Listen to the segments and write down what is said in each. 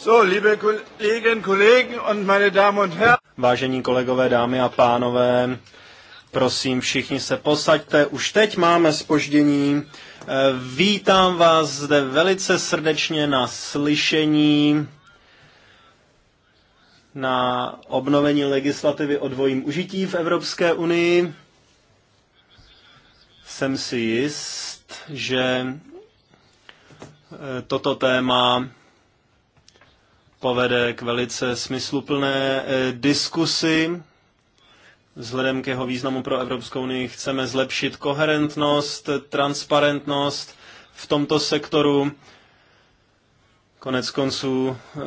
So, liebe Kollegen und meine Damen und Herren. Vážení kolegové, dámy a pánové, prosím, všichni se posaďte. Už teď máme spoždění. Eh, vítám vás zde velice srdečně na slyšení na obnovení legislativy o dvojím užití v Evropské unii. Jsem si jist, že eh, toto téma povede k velice smysluplné eh, diskusi. Vzhledem k jeho významu pro Evropskou unii chceme zlepšit koherentnost, transparentnost v tomto sektoru. Konec konců eh,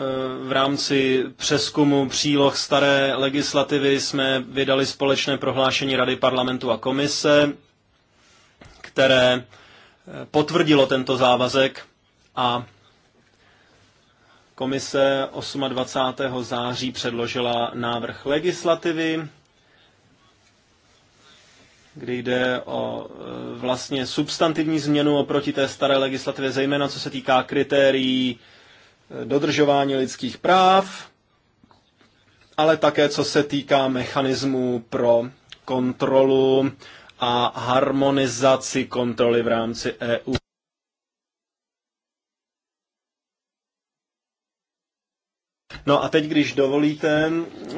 v rámci přeskumu příloh staré legislativy jsme vydali společné prohlášení Rady parlamentu a komise, které eh, potvrdilo tento závazek a Komise 28. září předložila návrh legislativy, kde jde o e, vlastně substantivní změnu oproti té staré legislativě, zejména co se týká kritérií e, dodržování lidských práv, ale také co se týká mechanismů pro kontrolu a harmonizaci kontroly v rámci EU. No a teď, když dovolíte, eh,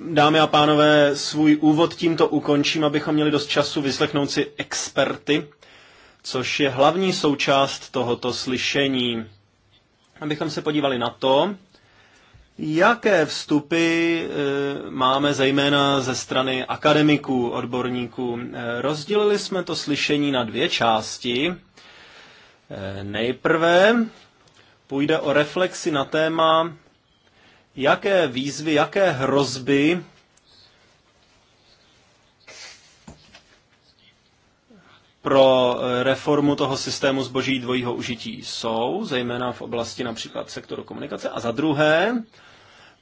dámy a pánové, svůj úvod tímto ukončím, abychom měli dost času vyslechnout si experty, což je hlavní součást tohoto slyšení. Abychom se podívali na to, Jaké vstupy eh, máme zejména ze strany akademiků, odborníků? Eh, rozdělili jsme to slyšení na dvě části. Nejprve půjde o reflexi na téma, jaké výzvy, jaké hrozby pro reformu toho systému zboží dvojího užití jsou, zejména v oblasti například sektoru komunikace. A za druhé,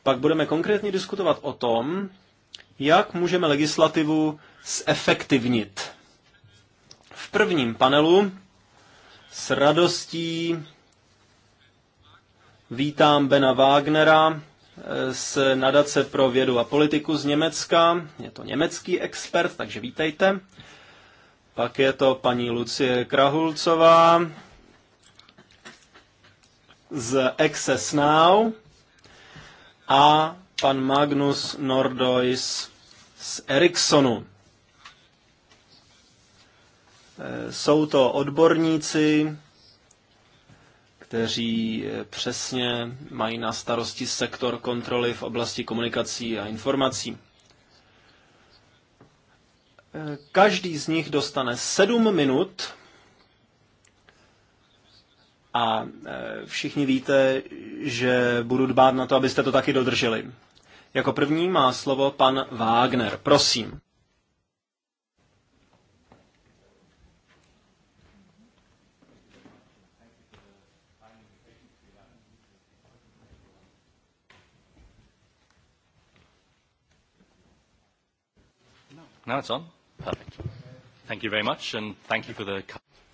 pak budeme konkrétně diskutovat o tom, jak můžeme legislativu zefektivnit. V prvním panelu s radostí Vítám Bena Wagnera eh, z Nadace pro vědu a politiku z Německa. Je to německý expert, takže vítejte. Pak je to paní Lucie Krahulcová z Access Now a pan Magnus Nordois z Ericssonu. Eh, jsou to odborníci, kteří eh, přesně mají na starosti sektor kontroly v oblasti komunikací a informací. Eh, každý z nich dostane sedm minut a eh, všichni víte, že budu dbát na to, abyste to taky dodrželi. Jako první má slovo pan Wagner. Prosím. Now it's on? Perfect. Thank you very much and thank you for the...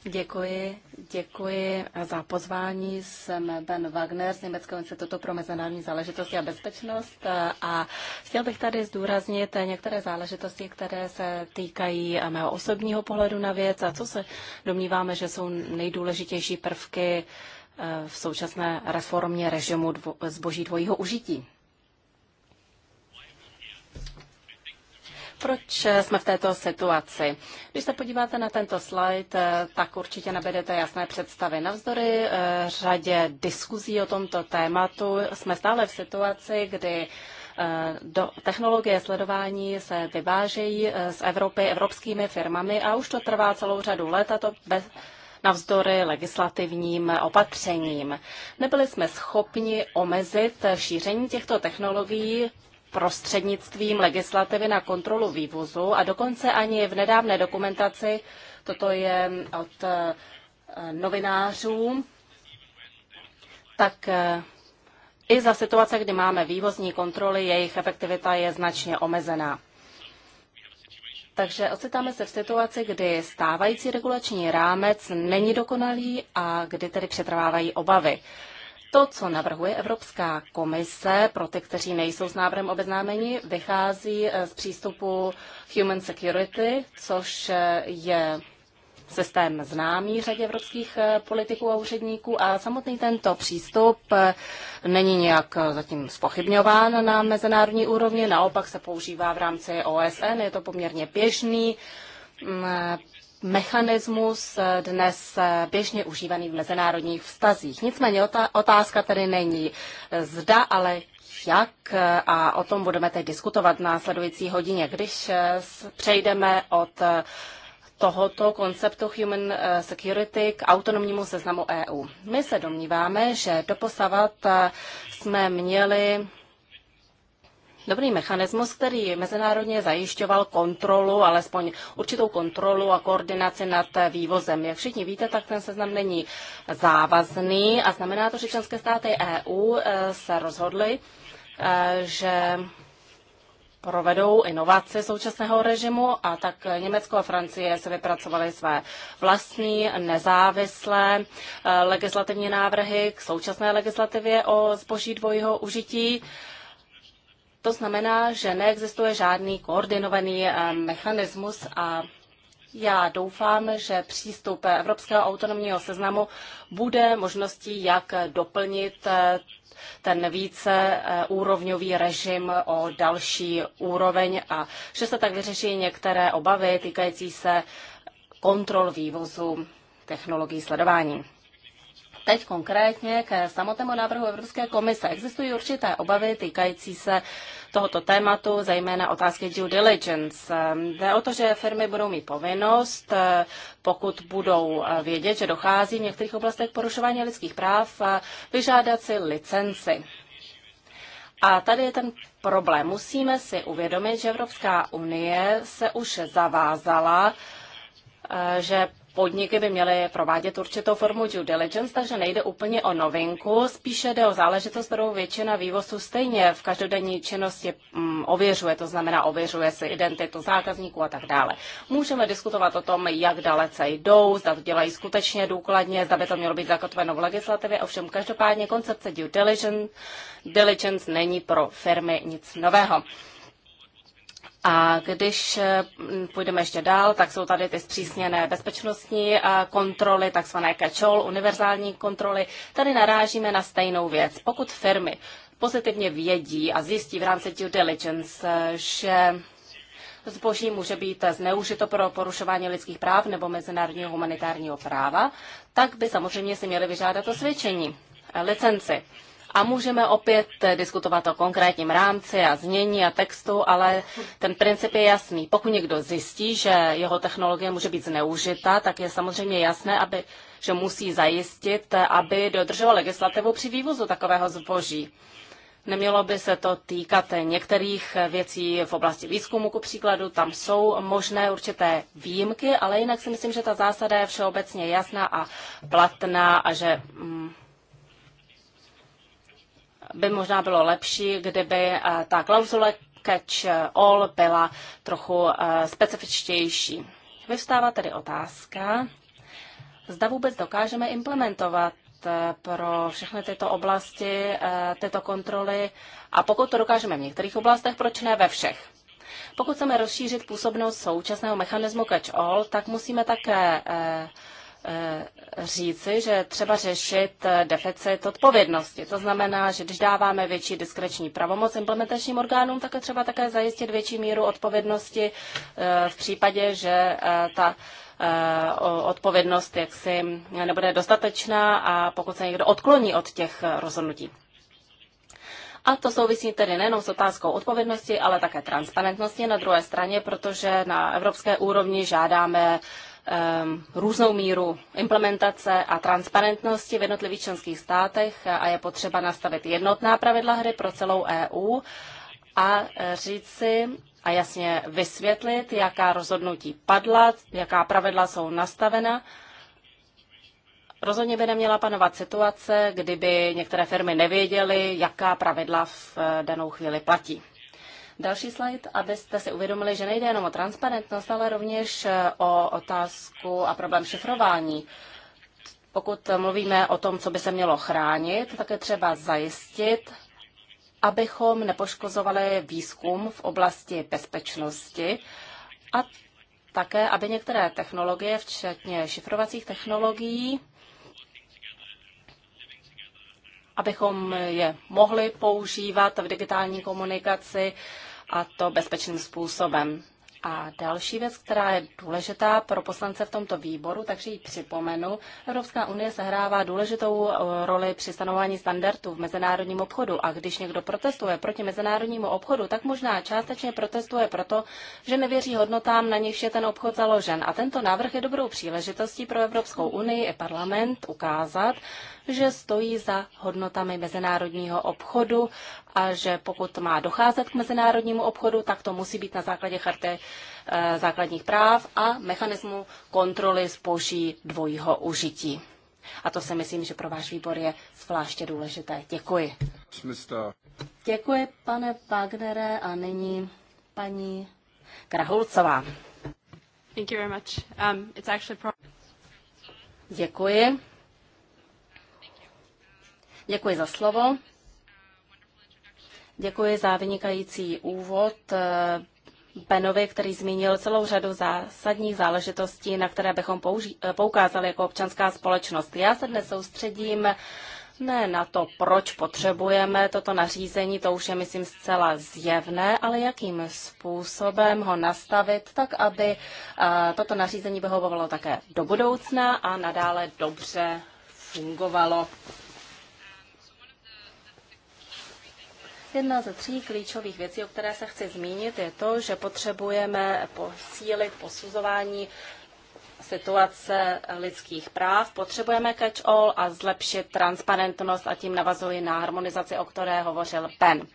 Děkuji, děkuji za pozvání. Jsem Ben Wagner z Německého institutu pro mezinárodní záležitosti a bezpečnost a chtěl bych tady zdůraznit některé záležitosti, které se týkají mého osobního pohledu na věc a co se domníváme, že jsou nejdůležitější prvky eh, v současné reformě režimu dvo- zboží dvojího užití. proč jsme v této situaci. Když se podíváte na tento slide, tak určitě nabedete jasné představy. Navzdory eh, řadě diskuzí o tomto tématu jsme stále v situaci, kdy eh, do technologie sledování se vyvážejí eh, z Evropy evropskými firmami a už to trvá celou řadu let a to bez, navzdory legislativním opatřením. Nebyli jsme schopni omezit šíření těchto technologií prostřednictvím legislativy na kontrolu vývozu a dokonce ani v nedávné dokumentaci, toto je od eh, novinářů, tak eh, i za situace, kdy máme vývozní kontroly, jejich efektivita je značně omezená. Takže ocitáme se v situaci, kdy stávající regulační rámec není dokonalý a kdy tedy přetrvávají obavy. To, co navrhuje Evropská komise pro ty, kteří nejsou s návrhem obeznámeni, vychází eh, z přístupu Human Security, což eh, je systém známý řadě evropských eh, politiků a úředníků a samotný tento přístup není nějak zatím spochybňován na mezinárodní úrovni, naopak se používá v rámci OSN, je to poměrně běžný mm, mechanismus eh, dnes eh, běžně užívaný v mezinárodních vztazích. Nicméně otázka tedy není eh, zda, ale jak a o tom budeme teď diskutovat v následující hodině, když přejdeme od tohoto konceptu Human Security k autonomnímu seznamu EU. My se domníváme, že doposavat jsme měli dobrý mechanismus, který mezinárodně zajišťoval kontrolu, alespoň určitou kontrolu a koordinaci nad vývozem. Jak všichni víte, tak ten seznam není závazný a znamená to, že členské státy EU eh, se rozhodly, eh, že provedou inovace současného režimu a tak Německo a Francie se vypracovaly své vlastní nezávislé eh, legislativní návrhy k současné legislativě o zboží dvojího užití. To znamená, že neexistuje žádný koordinovaný eh, mechanismus a já doufám, že přístup Evropského autonomního seznamu bude možností, jak doplnit eh, ten více eh, úrovňový režim o další úroveň a že se tak vyřeší některé obavy týkající se kontrol vývozu technologií sledování teď konkrétně ke samotnému návrhu Evropské komise. Existují určité obavy týkající se tohoto tématu, zejména otázky due diligence. Jde o to, že firmy budou mít povinnost, eh, pokud budou eh, vědět, že dochází v některých oblastech porušování lidských práv, eh, vyžádat si licenci. A tady je ten problém. Musíme si uvědomit, že Evropská unie se už zavázala, že podniky by měly provádět určitou formu due diligence, takže nejde úplně o novinku, spíše jde o záležitost, kterou většina vývozů stejně v každodenní činnosti mm, ověřuje, to znamená ověřuje si identitu zákazníků a tak dále. Můžeme diskutovat o tom, jak dalece jdou, zda to dělají skutečně důkladně, zda by to mělo být zakotveno v legislativě, ovšem každopádně koncepce due diligence, diligence není pro firmy nic nového. A když eh, půjdeme ještě dál, tak jsou tady ty zpřísněné bezpečnostní eh, kontroly, takzvané catch-all, univerzální kontroly. Tady narážíme na stejnou věc. Pokud firmy pozitivně vědí a zjistí v rámci due diligence, eh, že zboží může být zneužito pro porušování lidských práv nebo mezinárodního humanitárního práva, tak by samozřejmě si měly vyžádat osvědčení, licenci a můžeme opět eh, diskutovat o konkrétním rámci a znění a textu, ale ten princip je jasný. Pokud někdo zjistí, že jeho technologie může být zneužita, tak je samozřejmě jasné, aby, že musí zajistit, eh, aby dodržoval legislativu při vývozu takového zboží. Nemělo by se to týkat eh, některých věcí v oblasti výzkumu, ku příkladu, tam jsou možné určité výjimky, ale jinak si myslím, že ta zásada je všeobecně jasná a platná a že mm, by možná bylo lepší, kdyby eh, ta klauzule catch all byla trochu eh, specifičtější. Vystává tedy otázka, zda vůbec dokážeme implementovat eh, pro všechny tyto oblasti, tyto kontroly a pokud to dokážeme v některých oblastech, proč ne ve všech? Pokud chceme rozšířit působnost současného mechanismu catch-all, tak musíme také Eh, říci, že třeba řešit eh, deficit odpovědnosti. To znamená, že když dáváme větší diskreční pravomoc implementačním orgánům, tak je třeba také zajistit větší míru odpovědnosti eh, v případě, že ta odpovědnost jaksi nebude dostatečná a pokud se někdo odkloní od těch rozhodnutí. A to souvisí tedy nejenom s otázkou odpovědnosti, ale také transparentnosti na druhé straně, protože na evropské úrovni žádáme uh, Ehm, různou míru implementace a transparentnosti v jednotlivých členských státech a je potřeba nastavit jednotná pravidla hry pro celou EU a eh, říct si a jasně vysvětlit, jaká rozhodnutí padla, jaká pravidla jsou nastavena. Rozhodně by neměla panovat situace, kdyby některé firmy nevěděly, jaká pravidla v eh, danou chvíli platí další slide, abyste si uvědomili, že nejde jenom o transparentnost, ale rovněž eh, o otázku a problém šifrování. Pokud mluvíme o tom, co by se mělo chránit, tak je třeba zajistit, abychom nepoškozovali výzkum v oblasti bezpečnosti a také, aby některé technologie, včetně šifrovacích technologií, abychom je mohli používat v digitální komunikaci a to bezpečným způsobem. A další věc, která je důležitá pro poslance v tomto výboru, takže ji připomenu. Evropská unie sehrává důležitou eh, roli při stanování standardů v mezinárodním obchodu. A když někdo protestuje proti mezinárodnímu obchodu, tak možná částečně protestuje proto, že nevěří hodnotám, na nichž je ten obchod založen. A tento návrh je dobrou příležitostí pro Evropskou unii i parlament ukázat, že stojí za hodnotami mezinárodního obchodu a že pokud má docházet k mezinárodnímu obchodu, tak to musí být na základě charty eh, základních práv a mechanismu kontroly zboží dvojího užití. A to si myslím, že pro váš výbor je zvláště důležité. Děkuji. Děkuji, pane Wagnere, a nyní paní Krahulcová. Thank you very much. Um, it's actually Děkuji. Děkuji za slovo. Děkuji za vynikající úvod. Eh, Benovi, který zmínil celou řadu zásadních záležitostí, na které bychom eh, poukázali jako občanská společnost. Já se dnes soustředím ne na to, proč potřebujeme toto nařízení, to už je, myslím, zcela zjevné, ale jakým způsobem ho nastavit tak, aby eh, toto nařízení vyhovovalo také do budoucna a nadále dobře fungovalo Jedna ze tří klíčových věcí, o které se chci zmínit, je to, že potřebujeme posílit posuzování situace lidských práv. Potřebujeme catch-all a zlepšit transparentnost a tím navazuji na harmonizaci, o které hovořil PEN.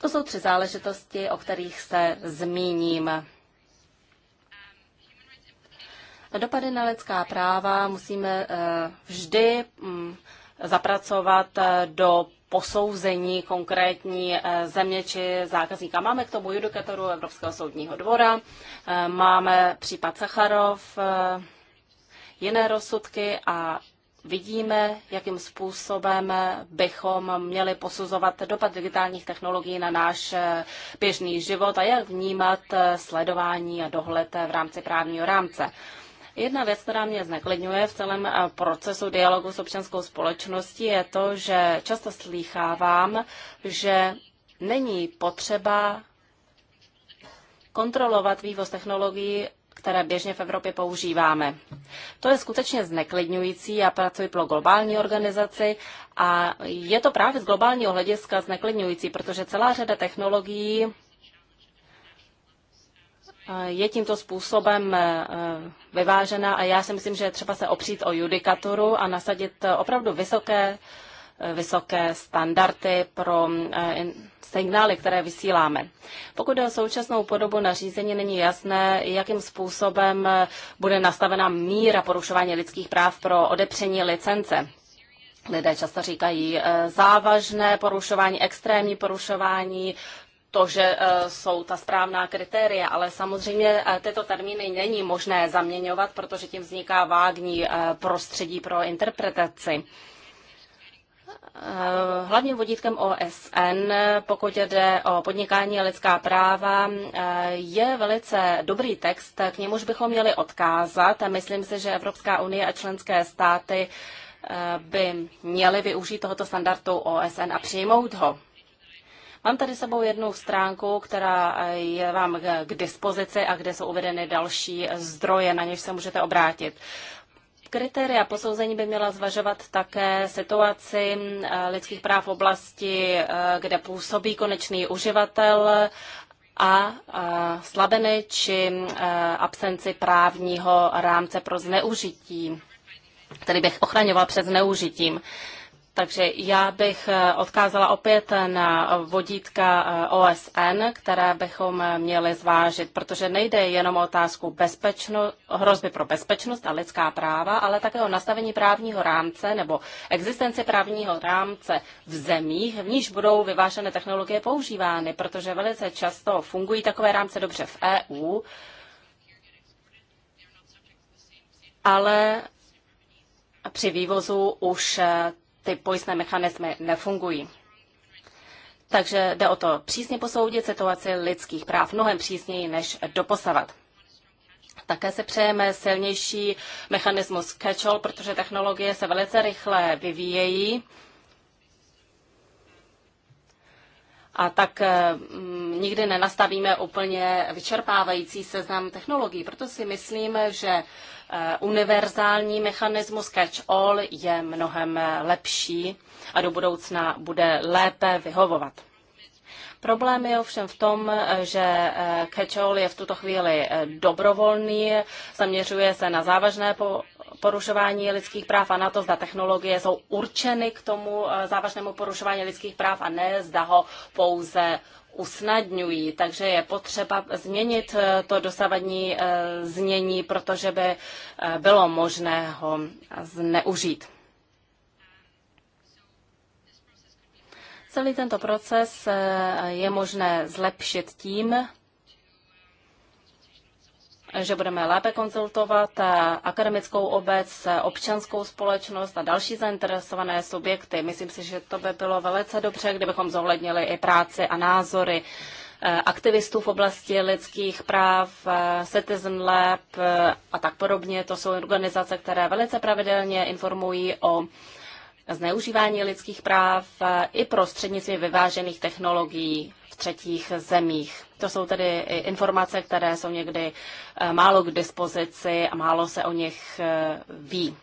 To jsou tři záležitosti, o kterých se zmíním. Dopady na lidská práva musíme eh, vždy mm, zapracovat eh, do posouzení konkrétní eh, země či zákazníka. Máme k tomu judikatoru Evropského soudního dvora, eh, máme případ Sacharov, eh, jiné rozsudky a vidíme, jakým způsobem bychom měli posuzovat dopad digitálních technologií na náš běžný život a jak vnímat sledování a dohled v rámci právního rámce. Jedna věc, která mě zneklidňuje v celém eh, procesu dialogu s občanskou společností, je to, že často slýchávám, že není potřeba kontrolovat vývoz technologií které běžně v Evropě používáme. To je skutečně zneklidňující. Já pracuji pro globální organizaci a je to právě z globálního hlediska zneklidňující, protože celá řada technologií je tímto způsobem eh, vyvážena a já si myslím, že je třeba se opřít o judikaturu a nasadit opravdu vysoké, eh, vysoké standardy pro eh, signály, které vysíláme. Pokud je o současnou podobu nařízení, není jasné, jakým způsobem bude nastavena míra porušování lidských práv pro odepření licence. Lidé často říkají závažné porušování, extrémní porušování, to, že eh, jsou ta správná kritéria, ale samozřejmě eh, tyto termíny není možné zaměňovat, protože tím vzniká vágní eh, prostředí pro interpretaci. Hlavním vodítkem OSN, pokud jde o podnikání a lidská práva, je velice dobrý text, k němuž bychom měli odkázat. Myslím si, že Evropská unie a členské státy by měly využít tohoto standardu OSN a přijmout ho. Mám tady sebou jednu stránku, která je vám k dispozici a kde jsou uvedeny další zdroje, na něž se můžete obrátit. Kritéria posouzení by měla zvažovat také situaci eh, lidských práv v oblasti, eh, kde působí konečný uživatel a eh, slabiny či absenci právního rámce pro zneužití, který bych ochraňoval před zneužitím. Takže já bych eh, odkázala opět na vodítka eh, OSN, které bychom měli zvážit, protože nejde jenom o otázku bezpečno, hrozby pro bezpečnost a lidská práva, ale také o nastavení právního rámce nebo existenci právního rámce v zemích, v níž budou vyvážené technologie používány, protože velice často fungují takové rámce dobře v EU, ale při vývozu už eh, ty pojistné mechanismy nefungují. Takže jde o to přísně posoudit situaci lidských práv mnohem přísněji než doposavat. Také si přejeme silnější mechanismus catch-all, protože technologie se velice rychle vyvíjejí. A tak eh, mm, nikdy nenastavíme úplně vyčerpávající seznam technologií. Proto si myslíme, že Eh, univerzální mechanismus catch-all je mnohem lepší a do budoucna bude lépe vyhovovat. Problém je ovšem v tom, že eh, catch-all je v tuto chvíli eh, dobrovolný, zaměřuje se na závažné po porušování lidských práv a na to, zda technologie jsou určeny k tomu eh, závažnému porušování lidských práv a ne zda ho pouze usnadňují. Takže je potřeba změnit eh, to dosavadní eh, znění, protože by bylo možné ho zneužít. Celý tento proces je možné zlepšit tím, že budeme lépe konzultovat eh, akademickou obec, eh, občanskou společnost a další zainteresované subjekty. Myslím si, že to by bylo velice dobře, kdybychom zohlednili i práci a názory eh, aktivistů v oblasti lidských práv, Citizen Lab a tak podobně. To jsou organizace, které velice pravidelně informují o zneužívání lidských práv i prostřednictvím vyvážených technologií v třetích zemích. To jsou tedy informace, které jsou někdy eh, málo k dispozici a málo se o nich eh, ví.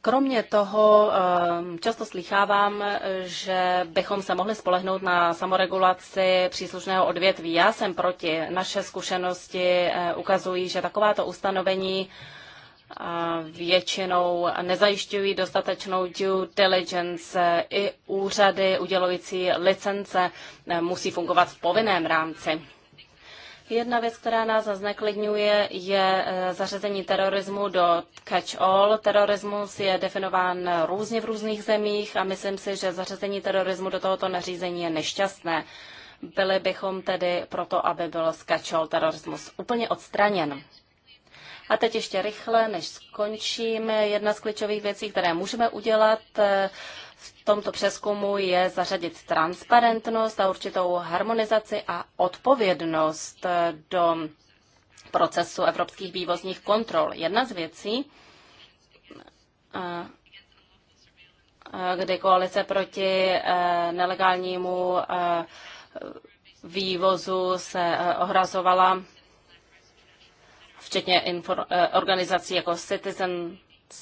Kromě toho eh, často slychávám, že bychom se mohli spolehnout na samoregulaci příslušného odvětví. Já jsem proti. Naše zkušenosti ukazují, že takováto ustanovení většinou nezajišťují dostatečnou due diligence. I úřady udělující licence eh, musí fungovat v povinném rámci. Jedna věc, která nás zneklidňuje, je eh, zařazení terorismu do catch-all. Terorismus je definován různě v různých zemích a myslím si, že zařazení terorismu do tohoto nařízení je nešťastné. Byli bychom tedy proto, aby byl z catch-all terorismus úplně odstraněn. A teď ještě rychle, než skončíme, jedna z klíčových věcí, které můžeme udělat eh, v tomto přeskumu, je zařadit transparentnost a určitou harmonizaci a odpovědnost eh, do procesu evropských vývozních kontrol. Jedna z věcí, eh, kdy koalice proti nelegálnímu vývozu se ohrazovala včetně eh, organizací jako Citizen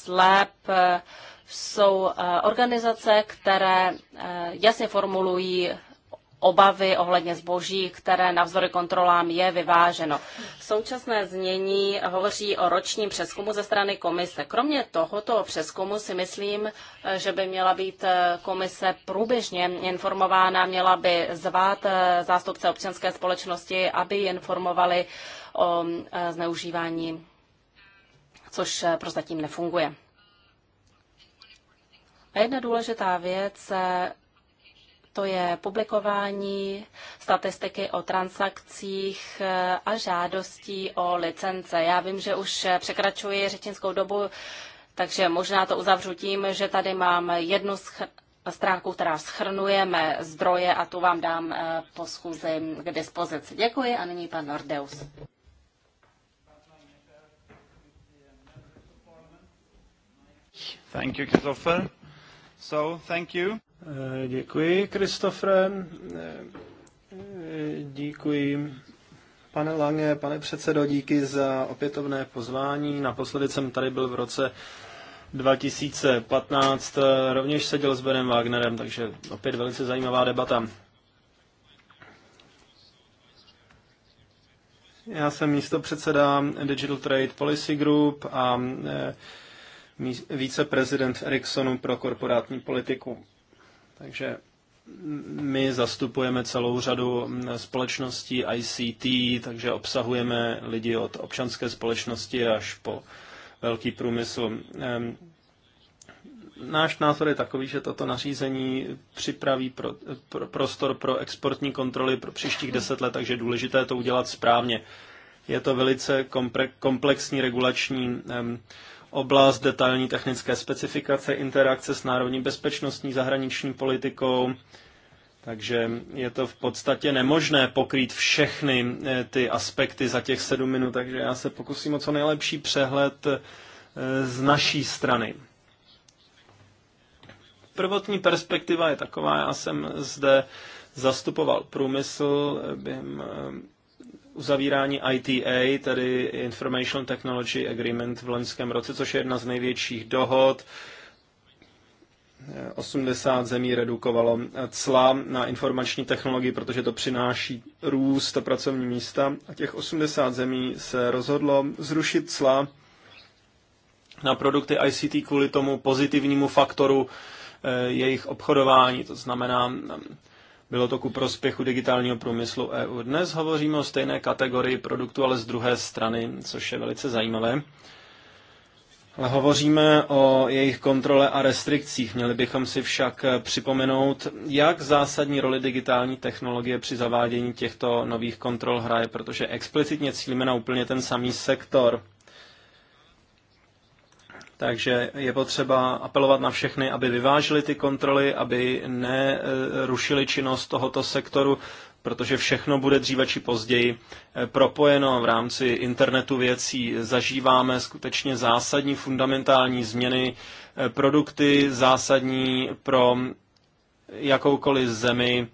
Lab, eh, jsou eh, organizace, které jasně formulují obavy ohledně zboží, které vzory kontrolám je vyváženo. Současné znění hovoří o ročním přeskumu ze strany komise. Kromě tohoto přeskumu si myslím, že by měla být komise průběžně informována, měla by zvát zástupce občanské společnosti, aby informovali uh, o e, zneužívání, což e, prozatím nefunguje. A jedna důležitá věc, e, to je publikování statistiky o transakcích a žádostí o licence. Já vím, že už překračuji řečnickou dobu, takže možná to uzavřu tím, že tady mám jednu stránku, která schrnuje mé zdroje a tu vám dám po schůzi k dispozici. Děkuji a nyní pan Nordeus. Thank you, Christopher. So, thank you. Eh, děkuji, Kristofre. Eh, děkuji, pane Lange, pane předsedo, díky za opětovné pozvání. Naposledy jsem tady byl v roce 2015, eh, rovněž seděl s Benem Wagnerem, takže opět velice zajímavá debata. Já jsem místo předseda Digital Trade Policy Group a viceprezident v Ericssonu pro korporátní politiku. Takže my zastupujeme celou řadu společností ICT, takže obsahujeme lidi od občanské společnosti až po velký průmysl. Náš názor je takový, že toto nařízení připraví pro, pro, prostor pro exportní kontroly pro příštích deset let, takže je důležité to udělat správně. Je to velice komplexní regulační oblast, detailní technické specifikace, interakce s národní bezpečnostní zahraniční politikou. Takže je to v podstatě nemožné pokrýt všechny eh, ty aspekty za těch sedm minut, takže já se pokusím o co nejlepší přehled eh, z naší strany. Prvotní perspektiva je taková, já jsem zde zastupoval průmysl eh, během uzavírání ITA, tedy Information Technology Agreement v loňském roce, což je jedna z největších dohod. 80 zemí redukovalo cla na informační technologii, protože to přináší růst a pracovní místa. A těch 80 zemí se rozhodlo zrušit cla na produkty ICT kvůli tomu pozitivnímu faktoru eh, jejich obchodování. To znamená, bylo to ku prospěchu digitálního průmyslu EU. Dnes hovoříme o stejné kategorii produktu, ale z druhé strany, což je velice zajímavé. Ale hovoříme o jejich kontrole a restrikcích. Měli bychom si však připomenout, jak zásadní roli digitální technologie při zavádění těchto nových kontrol hraje, protože explicitně cílíme na úplně ten samý sektor. Takže je potřeba apelovat na všechny, aby vyvážili ty kontroly, aby nerušili činnost tohoto sektoru, protože všechno bude dříve či později eh, propojeno v rámci internetu věcí. Zažíváme skutečně zásadní fundamentální změny, eh, produkty zásadní pro jakoukoliv zemi,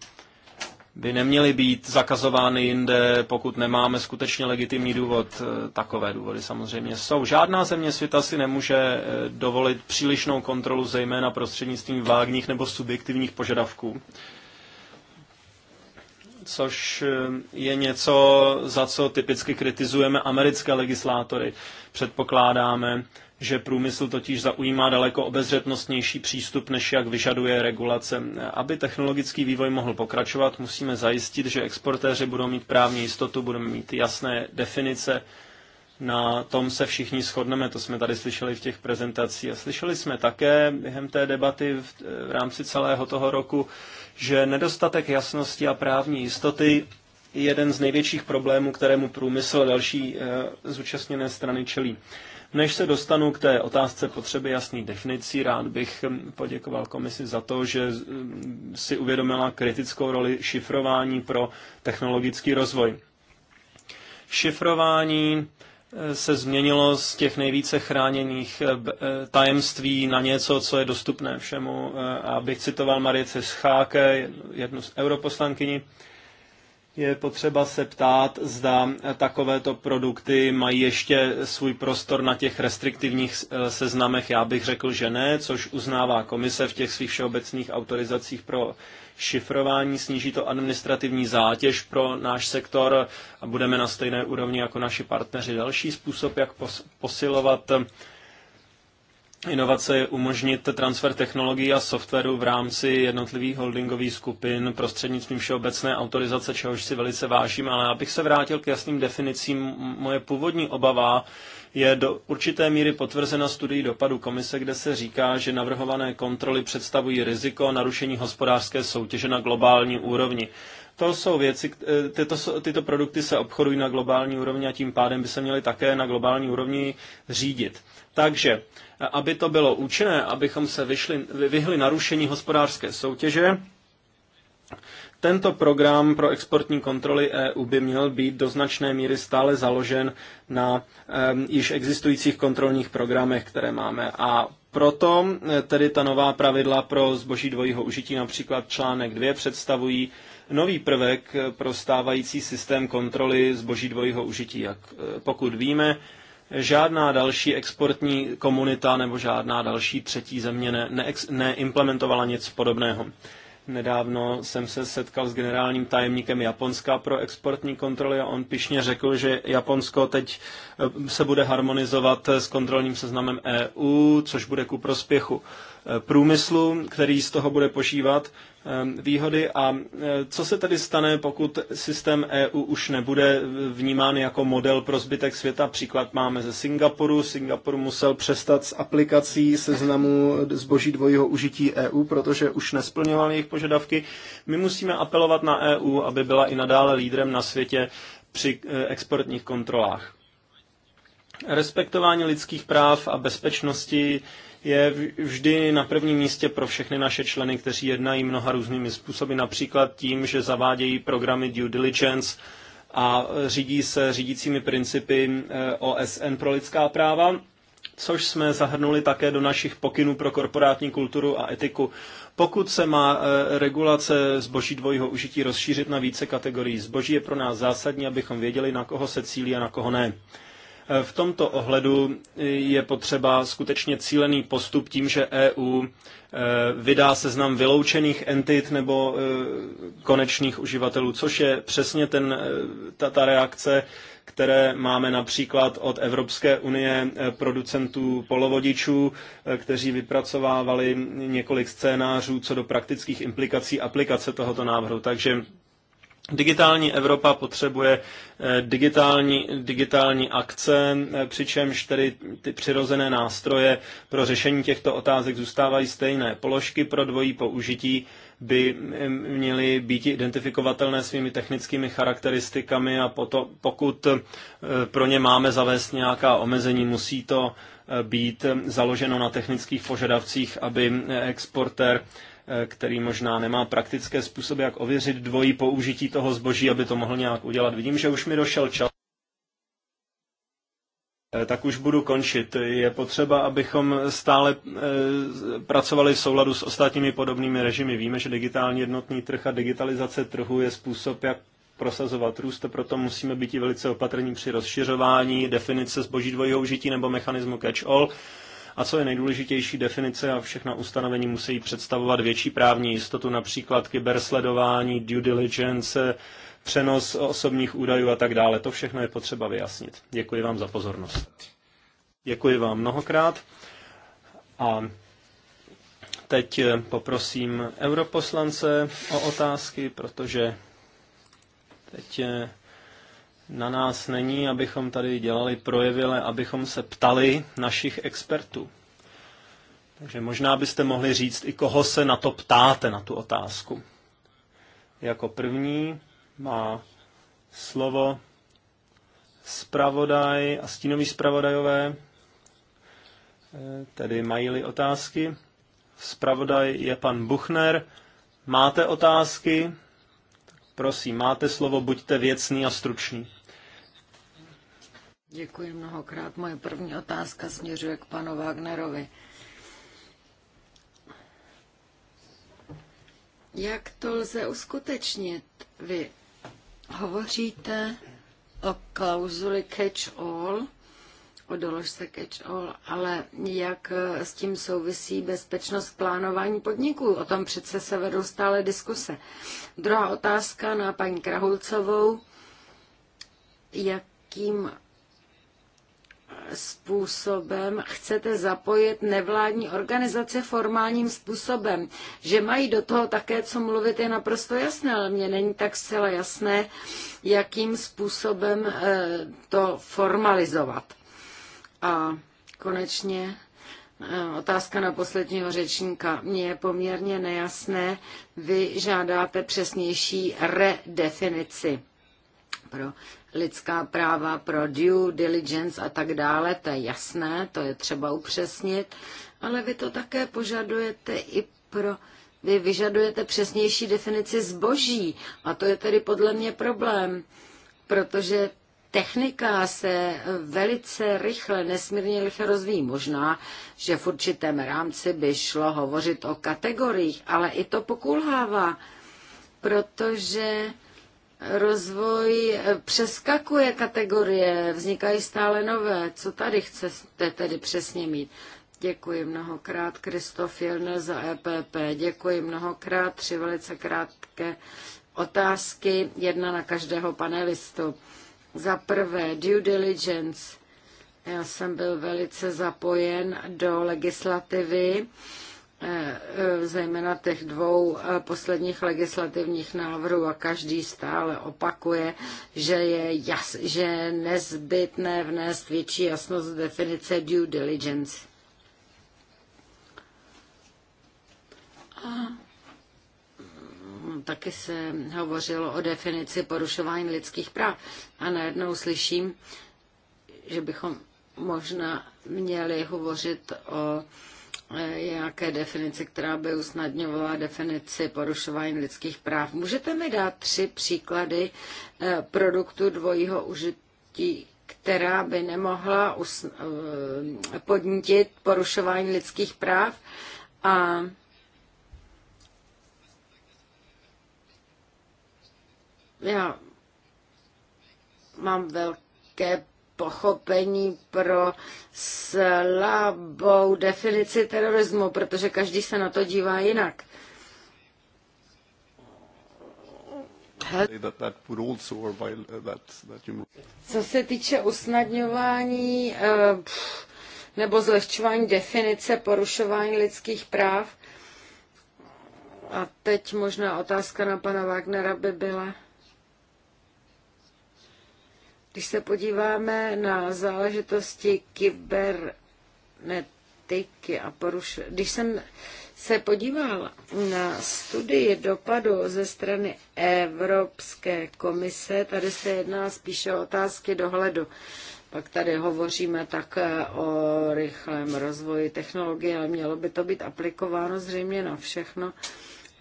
by neměly být zakazovány jinde, pokud nemáme skutečně legitimní důvod. Eh, takové důvody samozřejmě jsou. Žádná země světa si nemůže eh, dovolit přílišnou kontrolu, zejména prostřednictvím vágních nebo subjektivních požadavků. Což eh, je něco, za co typicky kritizujeme americké legislátory. Předpokládáme, že průmysl totiž zaujímá daleko obezřetnostnější přístup, než jak vyžaduje regulace. Aby technologický vývoj mohl pokračovat, musíme zajistit, že exportéři budou mít právní jistotu, budou mít jasné definice, na tom se všichni shodneme, to jsme tady slyšeli v těch prezentacích. A slyšeli jsme také během té debaty v, v rámci celého toho roku, že nedostatek jasnosti a právní jistoty je jeden z největších problémů, kterému průmysl a další e, zúčastněné strany čelí. Než se dostanu k té otázce potřeby jasných definicí, rád bych hm, poděkoval komisi za to, že hm, si uvědomila kritickou roli šifrování pro technologický rozvoj. Šifrování hm, se změnilo z těch nejvíce chráněných eh, eh, tajemství na něco, co je dostupné všemu. Eh, a bych citoval Marie Scháke, jednu z europoslankyni, je potřeba se ptát, zda takovéto produkty mají ještě svůj prostor na těch restriktivních eh, seznamech. Já bych řekl, že ne, což uznává komise v těch svých všeobecných autorizacích pro šifrování. Sníží to administrativní zátěž pro náš sektor a budeme na stejné úrovni jako naši partneři. Další způsob, jak posilovat Inovace je umožnit transfer technologií a softwaru v rámci jednotlivých holdingových skupin prostřednictvím všeobecné autorizace, čehož si velice vážím, ale abych se vrátil k jasným definicím, moje původní obava je do určité míry potvrzena studií dopadu komise, kde se říká, že navrhované kontroly představují riziko narušení hospodářské soutěže na globální úrovni. To jsou věci, e, tyto, tyto produkty se obchodují na globální úrovni a tím pádem by se měly také na globální úrovni řídit. Takže aby to bylo účinné, abychom se vyšli, vyhli narušení hospodářské soutěže, tento program pro exportní kontroly EU by měl být do značné míry stále založen na um, již existujících kontrolních programech, které máme. A proto e, tedy ta nová pravidla pro zboží dvojího užití, například článek 2, představují nový prvek pro stávající systém kontroly zboží dvojího užití. Jak e, pokud víme, žádná další exportní komunita nebo žádná další třetí země ne, ne, neimplementovala nic podobného. Nedávno jsem se setkal s generálním tajemníkem Japonska pro exportní kontroly a on pišně řekl, že Japonsko teď eh, se bude harmonizovat eh, s kontrolním seznamem EU, což bude ku prospěchu eh, průmyslu, který z toho bude požívat Ehm, výhody. A e, co se tedy stane, pokud systém EU už nebude vnímán jako model pro zbytek světa? Příklad máme ze Singapuru. Singapur musel přestat s aplikací seznamu zboží dvojího užití EU, protože už nesplňoval jejich požadavky. My musíme apelovat na EU, aby byla i nadále lídrem na světě při e, exportních kontrolách. Respektování lidských práv a bezpečnosti je vždy na prvním místě pro všechny naše členy, kteří jednají mnoha různými způsoby, například tím, že zavádějí programy due diligence a řídí se řídícími principy eh, OSN pro lidská práva, což jsme zahrnuli také do našich pokynů pro korporátní kulturu a etiku. Pokud se má eh, regulace zboží dvojího užití rozšířit na více kategorií zboží, je pro nás zásadní, abychom věděli, na koho se cílí a na koho ne. V tomto ohledu je potřeba skutečně cílený postup tím, že EU eh, vydá seznam vyloučených entit nebo eh, konečných uživatelů, což je přesně ten, eh, ta, ta reakce, které máme například od Evropské unie producentů polovodičů, kteří vypracovávali několik scénářů co do praktických implikací aplikace tohoto návrhu. Takže Digitální Evropa potřebuje eh, digitální, digitální akce, eh, přičemž tedy ty přirozené nástroje pro řešení těchto otázek zůstávají stejné. Položky pro dvojí použití by eh, měly být identifikovatelné svými technickými charakteristikami a poto, pokud pro ně máme zavést nějaká omezení, musí to být založeno na technických požadavcích, aby exportér Eh, který možná nemá praktické způsoby, jak ověřit dvojí použití toho zboží, aby to mohl nějak udělat. Vidím, že už mi došel čas. Eh, tak už budu končit. Je potřeba, abychom stále eh, pracovali v souladu s ostatními podobnými režimy. Víme, že digitální jednotný trh a digitalizace trhu je způsob, jak prosazovat růst, a proto musíme být i velice opatrní při rozšiřování definice zboží dvojího užití nebo mechanismu catch-all a co je nejdůležitější, definice a všechna ustanovení musí představovat větší právní jistotu, například kybersledování, due diligence, přenos osobních údajů a tak dále. To všechno je potřeba vyjasnit. Děkuji vám za pozornost. Děkuji vám mnohokrát. A teď poprosím europoslance o otázky, protože teď na nás není, abychom tady dělali projevy, ale abychom se ptali našich expertů. Takže možná byste mohli říct, i koho se na to ptáte, na tu otázku. Jako první má slovo spravodaj a stínový spravodajové, eh, tedy mají-li otázky. Spravodaj je pan Buchner. Máte otázky? Prosím, máte slovo, buďte věcný a stručný. Děkuji mnohokrát. Moje první otázka směřuje k panu Wagnerovi. Jak to lze uskutečnit? Vy hovoříte o klauzuli catch-all, o doložce catch-all, ale jak eh, s tím souvisí bezpečnost plánování podniků? O tom přece se vedou stále diskuse. Druhá otázka na paní Krahulcovou. Jakým způsobem chcete zapojit nevládní organizace formálním způsobem. Že mají do toho také co mluvit je naprosto jasné, ale mně není tak zcela jasné, jakým způsobem eh, to formalizovat. A konečně eh, Otázka na posledního řečníka. Mně je poměrně nejasné, vy žádáte přesnější redefinici pro lidská práva, pro due diligence a tak dále, to je jasné, to je třeba upřesnit, ale vy to také požadujete i pro vy vyžadujete přesnější definici zboží a to je tedy podle mě problém, protože technika se velice rychle, nesmírně rychle rozvíjí. Možná, že v určitém rámci by šlo hovořit o kategoriích, ale i to pokulhává, protože rozvoj eh, přeskakuje kategorie, vznikají stále nové. Co tady chcete tedy přesně mít? Děkuji mnohokrát, Kristof Jirne za EPP. Děkuji mnohokrát, tři velice krátké otázky, jedna na každého panelistu. Za prvé, due diligence. Já jsem byl velice zapojen do legislativy Eh, eh, zejména těch dvou eh, posledních legislativních návrhů a každý stále opakuje, že je jas, že nezbytné vnést větší jasnost definice due diligence. A hm, taky se hovořilo o definici porušování lidských práv. A najednou slyším, že bychom možná měli hovořit o Eh, nějaké definici, která by usnadňovala definici porušování lidských práv. Můžete mi dát tři příklady eh, produktu dvojího užití, která by nemohla eh, podnítit porušování lidských práv? A já mám velké pochopení pro slabou definici terorismu, protože každý se na to dívá jinak. Uh, Co se týče usnadňování eh, nebo zlehčování definice porušování lidských práv, a teď možná otázka na pana Wagnera by byla když se podíváme na záležitosti kybernetiky a porušení, Když jsem se podíval na studii dopadu ze strany Evropské komise, tady se jedná spíše o otázky dohledu. Pak tady hovoříme také eh, o rychlém rozvoji technologie, ale mělo by to být aplikováno zřejmě na všechno.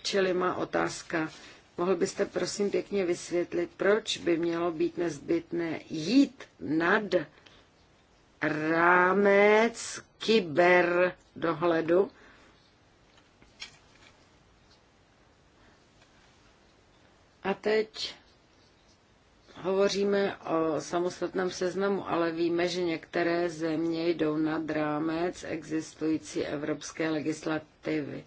Čili má otázka, Mohl byste prosím pěkně vysvětlit, proč by mělo být nezbytné jít nad rámec kyber dohledu? A teď hovoříme o samostatném seznamu, ale víme, že některé země jdou nad rámec existující evropské legislativy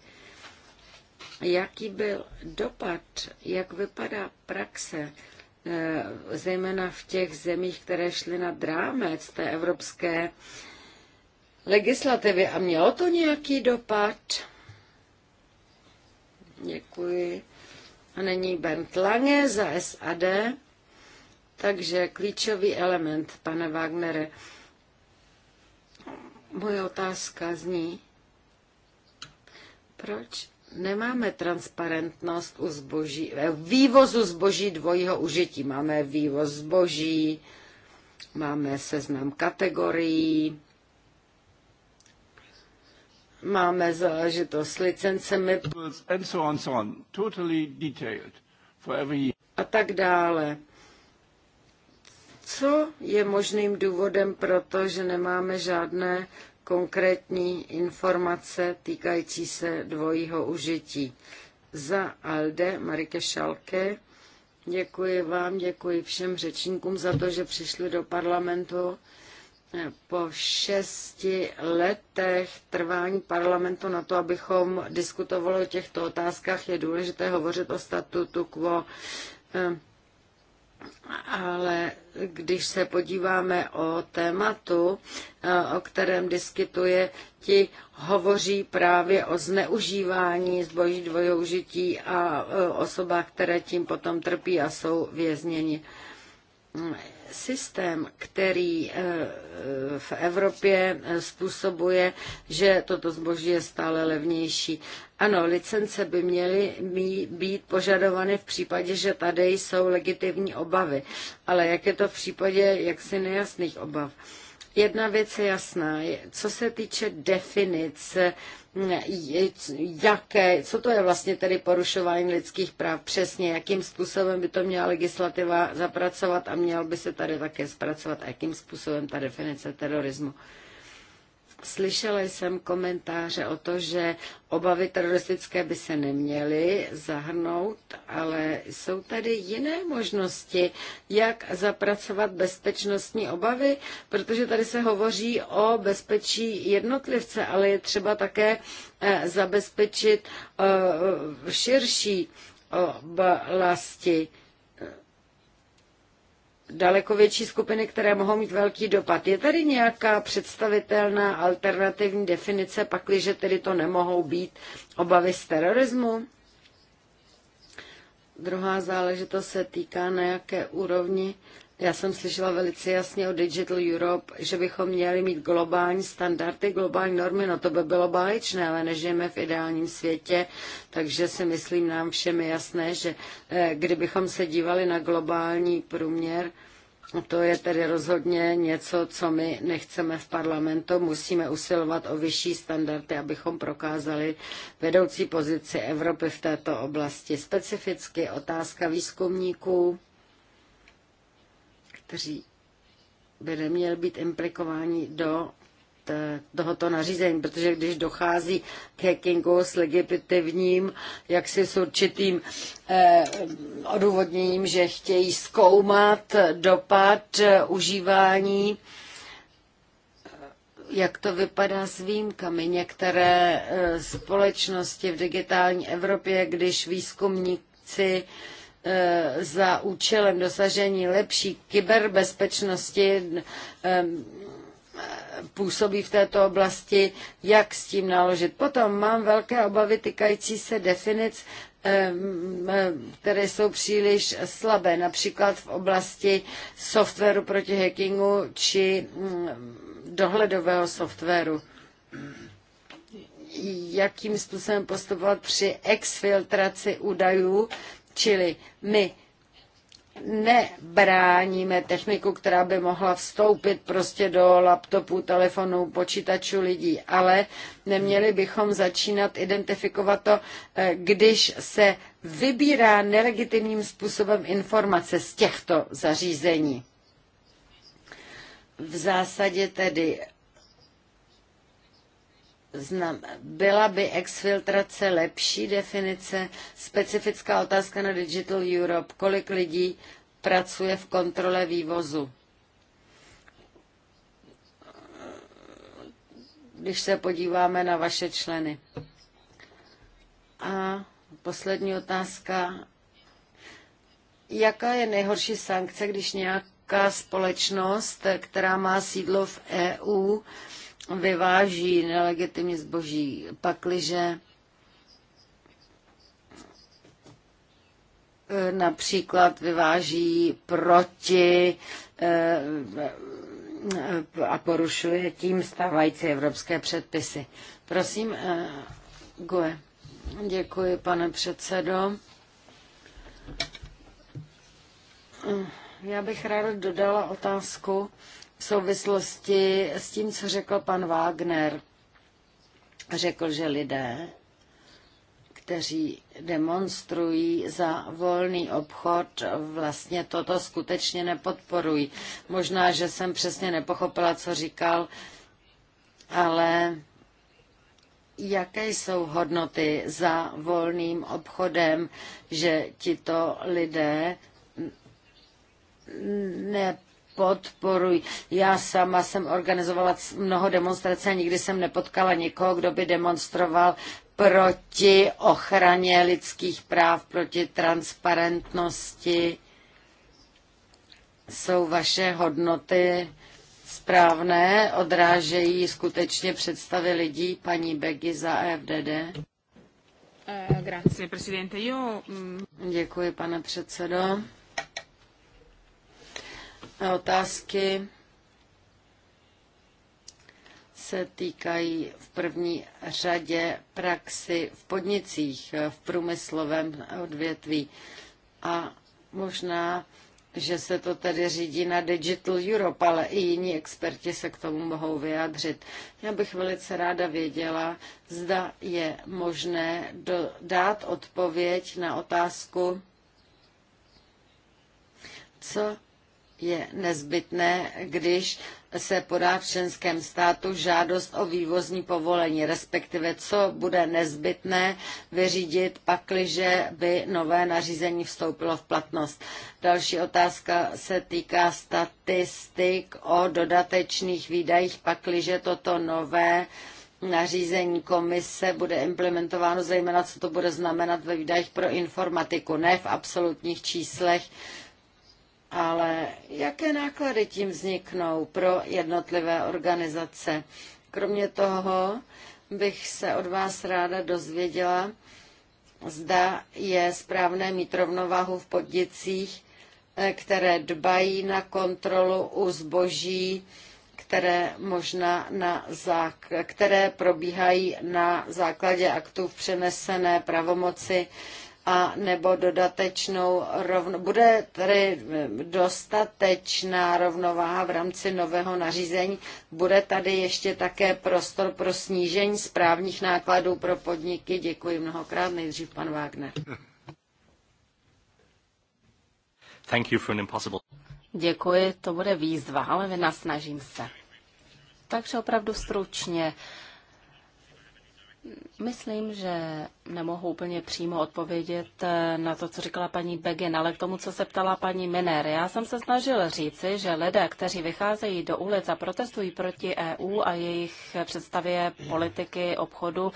jaký byl dopad, jak vypadá praxe, eh, zejména v těch zemích, které šly na drámec té evropské legislativy. A mělo to nějaký dopad? Děkuji. A není Bernd Lange za SAD. Takže klíčový element, pane Wagnere. Moje otázka zní, proč nemáme transparentnost u zboží, eh, vývozu zboží dvojího užití. Máme vývoz zboží, máme seznam kategorií, máme záležitost s licencemi a tak dále. Co je možným důvodem pro to, že nemáme žádné konkrétní informace týkající se dvojího užití. Za Alde Marike Šalke. Děkuji vám, děkuji všem řečníkům za to, že přišli do parlamentu. Po šesti letech trvání parlamentu na to, abychom diskutovali o těchto otázkách, je důležité hovořit o statutu quo ale když se podíváme o tématu, eh, o kterém diskutuje, ti hovoří právě o zneužívání zboží dvojoužití a eh, osobách, které tím potom trpí a jsou vězněni systém, který eh, v Evropě eh, způsobuje, že toto zboží je stále levnější. Ano, licence by měly být požadovány v případě, že tady jsou legitimní obavy, ale jak je to v případě jaksi nejasných obav? Jedna věc je jasná. Co se týče definice jaké, co to je vlastně tedy porušování lidských práv přesně, jakým způsobem by to měla legislativa zapracovat a měl by se tady také zpracovat, jakým způsobem ta definice terorismu. Slyšela jsem komentáře o to, že obavy teroristické by se neměly zahrnout, ale jsou tady jiné možnosti, jak zapracovat bezpečnostní obavy, protože tady se hovoří o bezpečí jednotlivce, ale je třeba také eh, zabezpečit eh, širší oblasti daleko větší skupiny, které mohou mít velký dopad. Je tady nějaká představitelná alternativní definice, pakliže tedy to nemohou být obavy z terorismu? Druhá záležitost se týká, na jaké úrovni já jsem slyšela velice jasně o Digital Europe, že bychom měli mít globální standardy, globální normy, no to by bylo báječné, ale nežijeme v ideálním světě, takže si myslím nám všem je jasné, že eh, kdybychom se dívali na globální průměr, to je tedy rozhodně něco, co my nechceme v parlamentu. Musíme usilovat o vyšší standardy, abychom prokázali vedoucí pozici Evropy v této oblasti. Specificky otázka výzkumníků kteří by neměli být implikováni do tohoto nařízení, protože když dochází k hackingu s legitimním, jak si s určitým eh, odůvodněním, že chtějí zkoumat dopad eh, užívání, eh, jak to vypadá s výjimkami. Některé eh, společnosti v digitální Evropě, když výzkumníci eh, E, za účelem dosažení lepší kyberbezpečnosti e, působí v této oblasti, jak s tím naložit. Potom mám velké obavy týkající se definic, e, které jsou příliš slabé, například v oblasti softwaru proti hackingu či mm, dohledového softwaru jakým způsobem postupovat při exfiltraci údajů, Čili my nebráníme techniku, která by mohla vstoupit prostě do laptopů, telefonů, počítačů lidí, ale neměli bychom začínat identifikovat to, eh, když se vybírá nelegitimním způsobem informace z těchto zařízení. V zásadě tedy byla by exfiltrace lepší definice? Specifická otázka na Digital Europe. Kolik lidí pracuje v kontrole vývozu? Když se podíváme na vaše členy. A poslední otázka. Jaká je nejhorší sankce, když nějaká společnost, která má sídlo v EU, vyváží nelegitimní zboží, pakliže eh, například vyváží proti eh, a porušuje tím stávající evropské předpisy. Prosím, eh, Gue. Děkuji, pane předsedo. Já bych ráda dodala otázku, v souvislosti s tím, co řekl pan Wagner. Řekl, že lidé, kteří demonstrují za volný obchod, vlastně toto skutečně nepodporují. Možná, že jsem přesně nepochopila, co říkal, ale jaké jsou hodnoty za volným obchodem, že tito lidé ne podporuj. Já sama jsem organizovala mnoho demonstrací a nikdy jsem nepotkala někoho, kdo by demonstroval proti ochraně lidských práv, proti transparentnosti. Jsou vaše hodnoty správné, odrážejí skutečně představy lidí, paní Begy za EFDD. Eh, mm, Děkuji, pane předsedo otázky se týkají v první řadě praxi v podnicích, v průmyslovém odvětví. A možná, že se to tedy řídí na Digital Europe, ale i jiní experti se k tomu mohou vyjádřit. Já bych velice ráda věděla, zda je možné dát odpověď na otázku, co je nezbytné, když se podá v členském státu žádost o vývozní povolení, respektive co bude nezbytné vyřídit, pakliže by nové nařízení vstoupilo v platnost. Další otázka se týká statistik o dodatečných výdajích, pakliže toto nové nařízení komise bude implementováno, zejména co to bude znamenat ve výdajích pro informatiku, ne v absolutních číslech, ale jaké náklady tím vzniknou pro jednotlivé organizace? Kromě toho bych se od vás ráda dozvěděla, zda je správné mít rovnováhu v podnicích, eh, které dbají na kontrolu u zboží, které, možná na zák- které probíhají na základě aktů v přenesené pravomoci, a nebo dodatečnou rovno, bude tedy eh, dostatečná rovnováha v rámci nového nařízení, bude tady ještě také prostor pro snížení správních nákladů pro podniky. Děkuji mnohokrát, nejdřív pan Wagner. Thank you for an impossible... Děkuji, to bude výzva, ale vynasnažím se. Takže opravdu stručně. Myslím, že nemohu úplně přímo odpovědět eh, na to, co říkala paní Begin, ale k tomu, co se ptala paní Miner. Já jsem se snažil říci, že lidé, kteří vycházejí do ulic a protestují proti EU a jejich představě politiky, obchodu,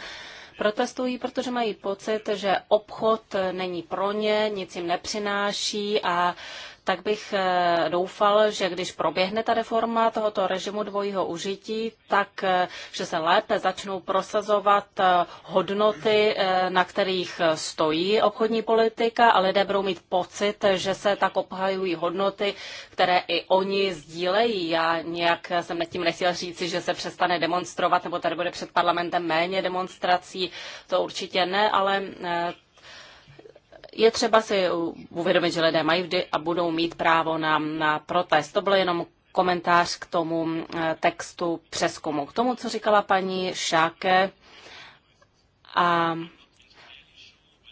protestují, protože mají pocit, že obchod není pro ně, nic jim nepřináší a tak bych eh, doufal, že když proběhne ta reforma tohoto režimu dvojího užití, tak eh, že se lépe začnou prosazovat eh, hodnoty, na kterých stojí obchodní politika a lidé budou mít pocit, že se tak obhajují hodnoty, které i oni sdílejí. Já nějak jsem nad tím nechtěl říci, že se přestane demonstrovat nebo tady bude před parlamentem méně demonstrací, to určitě ne, ale je třeba si uvědomit, že lidé mají vždy a budou mít právo na, na protest. To bylo jenom komentář k tomu eh, textu přeskumu. K tomu, co říkala paní Šáke a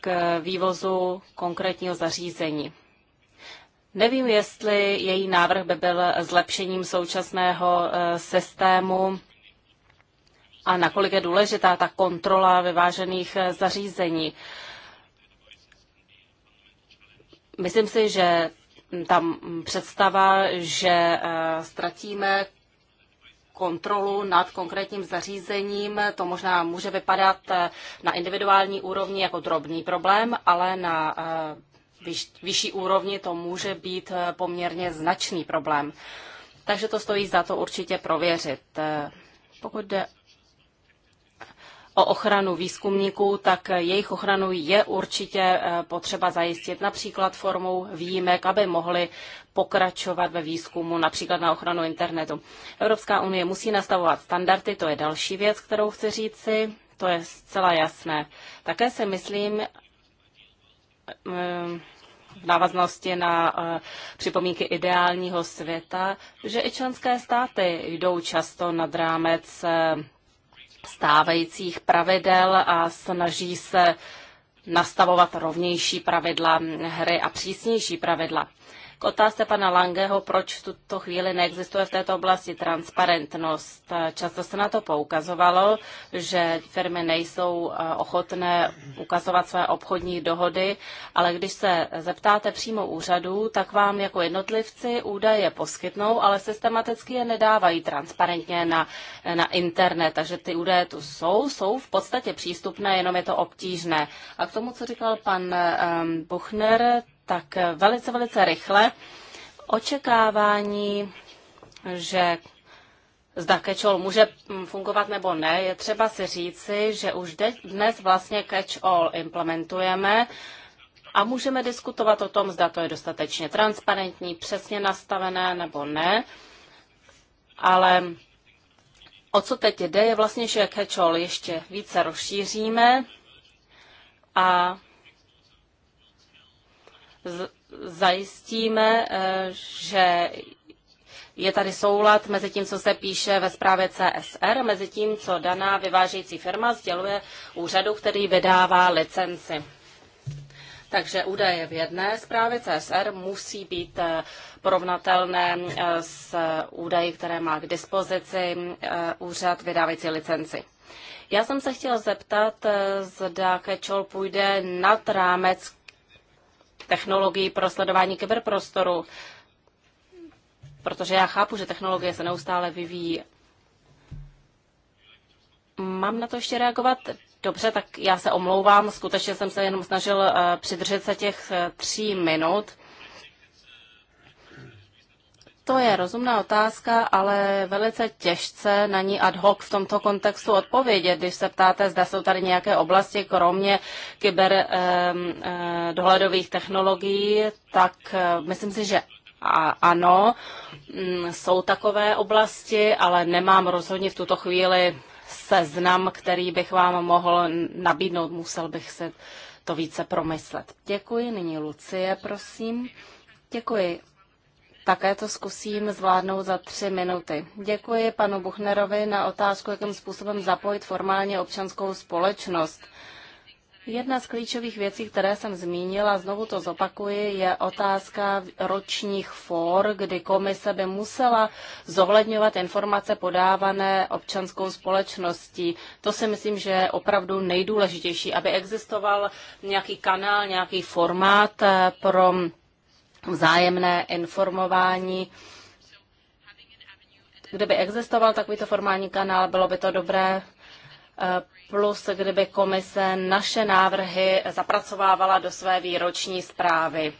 k vývozu konkrétního zařízení. Nevím, jestli její návrh by byl zlepšením současného eh, systému a nakolik je důležitá ta kontrola vyvážených eh, zařízení. Myslím si, že tam představa, že eh, ztratíme kontrolu nad konkrétním zařízením. To možná může vypadat eh, na individuální úrovni jako drobný problém, ale na eh, vyšší úrovni to může být poměrně značný problém. Takže to stojí za to určitě prověřit. Pokud jde o ochranu výzkumníků, tak jejich ochranu je určitě eh, potřeba zajistit například formou výjimek, aby mohli pokračovat ve výzkumu, například na ochranu internetu. Evropská unie musí nastavovat standardy, to je další věc, kterou chci říci, to je zcela jasné. Také si myslím, eh, v návaznosti na eh, připomínky ideálního světa, že i členské státy jdou často nad rámec stávajících pravidel a snaží se nastavovat rovnější pravidla hry a přísnější pravidla. K otázce pana Langeho, proč v tuto chvíli neexistuje v této oblasti transparentnost. Často se na to poukazovalo, že firmy nejsou eh, ochotné ukazovat své obchodní dohody, ale když se zeptáte přímo úřadu, tak vám jako jednotlivci údaje poskytnou, ale systematicky je nedávají transparentně na, na internet. Takže ty údaje tu jsou, jsou v podstatě přístupné, jenom je to obtížné. A k tomu, co říkal pan um, Buchner, tak velice, velice rychle. Očekávání, že Zda catch-all může fungovat nebo ne, je třeba si říci, že už dnes vlastně catch-all implementujeme a můžeme diskutovat o tom, zda to je dostatečně transparentní, přesně nastavené nebo ne. Ale o co teď jde, je vlastně, že catch-all ještě více rozšíříme a zajistíme, eh, že je tady soulad mezi tím, co se píše ve zprávě CSR, mezi tím, co daná vyvážející firma sděluje úřadu, který vydává licenci. Takže údaje v jedné zprávě CSR musí být eh, porovnatelné eh, s údaji, které má k dispozici úřad vydávající licenci. Já jsem se chtěl zeptat, zda Kečol půjde nad rámec technologií pro sledování kyberprostoru, protože já chápu, že technologie se neustále vyvíjí. Mám na to ještě reagovat? Dobře, tak já se omlouvám, skutečně jsem se jenom snažil eh, přidržet se těch eh, tří minut. To je rozumná otázka, ale velice těžce na ní ad hoc v tomto kontextu odpovědět, když se ptáte, zda jsou tady nějaké oblasti, kromě kyber eh, eh, dohledových technologií, tak eh, myslím si, že a ano, mm, jsou takové oblasti, ale nemám rozhodně v tuto chvíli seznam, který bych vám mohl nabídnout. Musel bych se to více promyslet. Děkuji. Nyní Lucie, prosím. Děkuji. Také to zkusím zvládnout za tři minuty. Děkuji panu Buchnerovi na otázku, jakým způsobem zapojit formálně občanskou společnost. Jedna z klíčových věcí, které jsem zmínila, znovu to zopakuji, je otázka ročních for, kdy komise by musela zohledňovat informace podávané občanskou společností. To si myslím, že je opravdu nejdůležitější, aby existoval nějaký kanál, nějaký formát eh, pro vzájemné informování. Kdyby existoval takovýto formální kanál, bylo by to dobré, eh, plus kdyby komise naše návrhy zapracovávala do své výroční zprávy.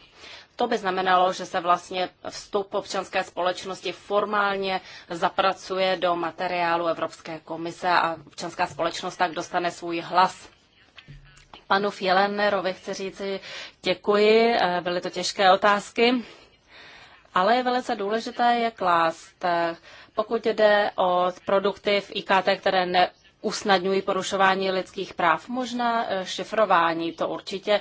To by znamenalo, že se vlastně vstup občanské společnosti formálně zapracuje do materiálu Evropské komise a občanská společnost tak dostane svůj hlas. Panu Fjellnerovi chci říci děkuji, eh, byly to těžké otázky, ale je velice důležité je klást. Eh, Pokud jde o produkty v IKT, které ne, usnadňují porušování lidských práv. Možná eh, šifrování to určitě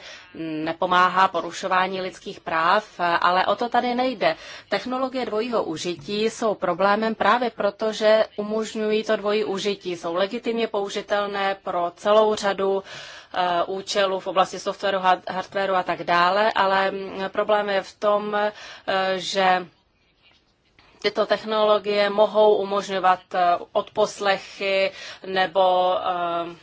nepomáhá porušování lidských práv, eh, ale o to tady nejde. Technologie dvojího užití jsou problémem právě proto, že umožňují to dvojí užití. Jsou legitimně použitelné pro celou řadu eh, účelů v oblasti softwaru, hardwaru a tak dále, ale mm, problém je v tom, že tyto technologie mohou umožňovat eh, odposlechy nebo eh,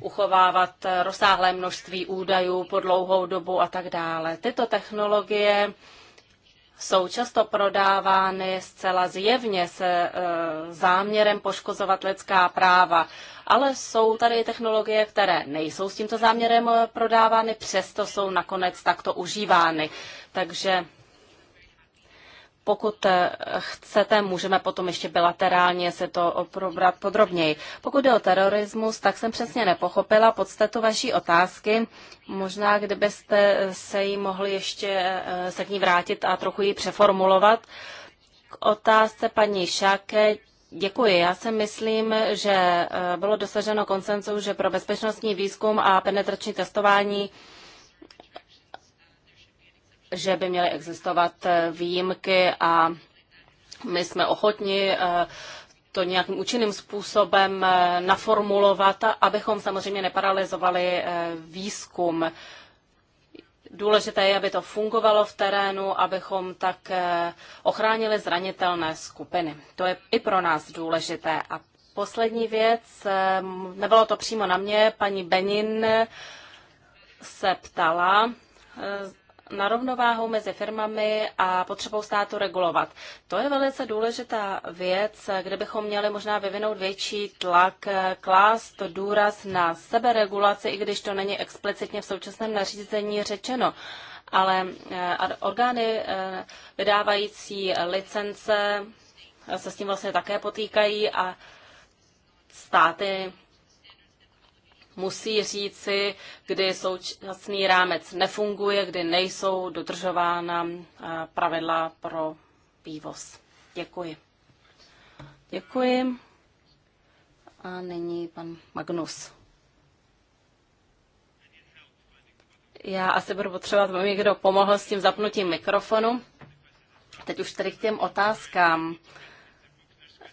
uchovávat eh, rozsáhlé množství údajů po dlouhou dobu a tak dále. Tyto technologie jsou často prodávány zcela zjevně se záměrem poškozovat lidská práva, ale jsou tady technologie, které nejsou s tímto záměrem prodávány, přesto jsou nakonec takto užívány. Takže pokud eh, chcete, můžeme potom ještě bilaterálně se to probrat podrobněji. Pokud jde o terorismus, tak jsem přesně nepochopila podstatu vaší otázky. Možná, kdybyste se jí mohli ještě eh, eh, se k ní vrátit a trochu ji přeformulovat. K otázce paní Šáke Děkuji. Já si myslím, že bylo dosaženo koncenzu, že pro bezpečnostní výzkum a penetrační testování že by měly existovat eh, výjimky a my jsme ochotni eh, to nějakým účinným způsobem eh, naformulovat, abychom samozřejmě neparalizovali výzkum. Důležité je, aby to fungovalo v terénu, abychom tak ochránili zranitelné skupiny. To je i pro nás důležité. A poslední věc, nebylo to přímo na mě, paní Benin se ptala, na rovnováhu mezi firmami a potřebou státu regulovat. To je velice důležitá věc, kde bychom měli možná vyvinout větší tlak, klást důraz na seberegulaci, i když to není explicitně v současném nařízení řečeno. Ale eh, orgány eh, vydávající licence se s tím vlastně také potýkají a státy musí říci, kdy současný rámec nefunguje, kdy nejsou dodržována eh, pravidla pro vývoz. Děkuji. Děkuji. A nyní pan Magnus. Já asi budu potřebovat, aby mi kdo pomohl s tím zapnutím mikrofonu. Teď už tady k těm otázkám.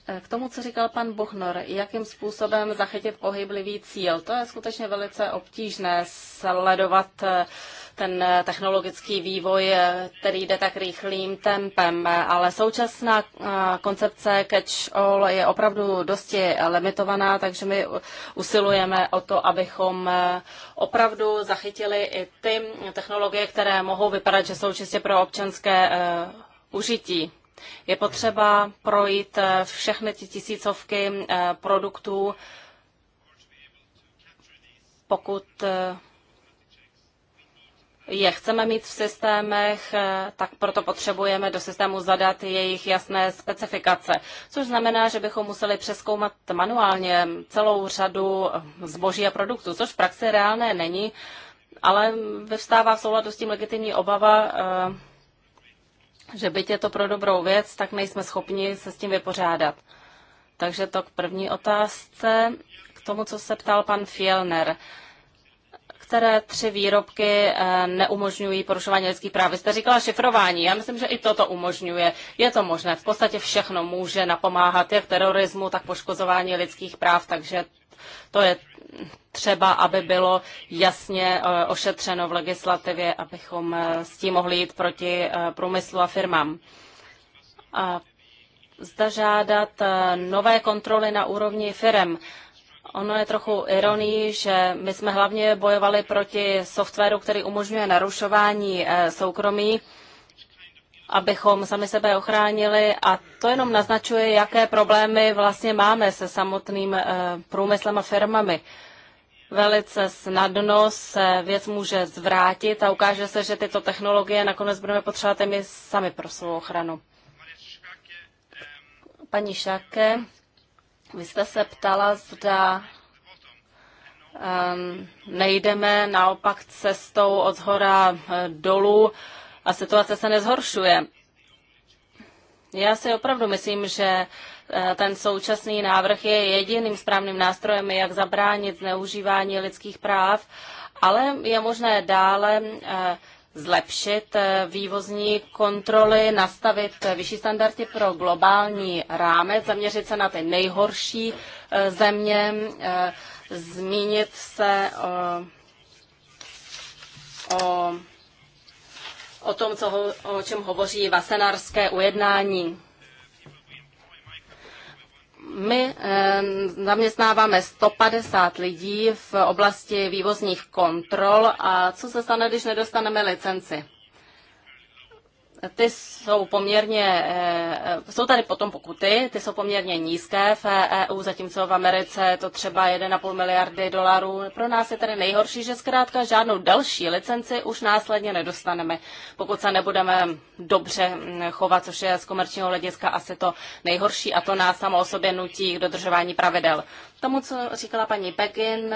Eh, k tomu, co říkal pan Buchnor, jakým způsobem zachytit pohyblivý cíl, to je skutečně velice obtížné sledovat eh, ten eh, technologický vývoj, který jde tak rychlým tempem, ale současná koncepce catch-all je opravdu dosti limitovaná, takže my usilujeme o to, abychom opravdu zachytili i ty technologie, které mohou vypadat, že jsou čistě pro občanské užití. Je potřeba projít eh, všechny ty tisícovky eh, produktů, pokud eh, je chceme mít v systémech, tak proto potřebujeme do systému zadat jejich jasné specifikace. Což znamená, že bychom museli přeskoumat manuálně celou řadu zboží a produktů, což v praxi reálné není, ale vyvstává v souladu s tím legitimní obava že byť je to pro dobrou věc, tak nejsme schopni se s tím vypořádat. Takže to k první otázce, k tomu, co se ptal pan Fielner. Které tři výrobky eh, neumožňují porušování lidských práv? Vy jste říkala šifrování. Já myslím, že i toto umožňuje. Je to možné. V podstatě všechno může napomáhat jak terorismu, tak poškozování lidských práv, takže to je třeba, aby bylo jasně eh, ošetřeno v legislativě, abychom eh, s tím mohli jít proti eh, průmyslu a firmám. A zda žádat nové kontroly na úrovni firm. Ono je trochu ironii, že my jsme hlavně bojovali proti softwaru, který umožňuje narušování soukromí abychom sami sebe ochránili a to jenom naznačuje, jaké problémy vlastně máme se samotným eh, průmyslem a firmami. Velice snadno se věc může zvrátit a ukáže se, že tyto technologie nakonec budeme potřebovat i my sami pro svou ochranu. Paní Šake, vy jste se ptala, zda um, nejdeme naopak cestou od zhora eh, dolů. Uh, a situace se nezhoršuje. Já si opravdu myslím, že eh, ten současný návrh je jediným správným nástrojem, jak zabránit zneužívání lidských práv, ale je možné dále eh, zlepšit eh, vývozní kontroly, nastavit vyšší standardy pro globální rámec, zaměřit se na ty nejhorší země, zmínit se o, o o tom, co, o čem hovoří vasenárské ujednání. My eh, zaměstnáváme 150 lidí v oblasti vývozních kontrol a co se stane, když nedostaneme licenci? ty jsou poměrně, eh, jsou tady potom pokuty, ty jsou poměrně nízké v EU, zatímco v Americe je to třeba 1,5 miliardy dolarů. Pro nás je tady nejhorší, že zkrátka žádnou další licenci už následně nedostaneme, pokud se nebudeme dobře hm, chovat, což je z komerčního hlediska asi to nejhorší a to nás samo o sobě nutí k dodržování pravidel. Tomu, co říkala paní Pekin,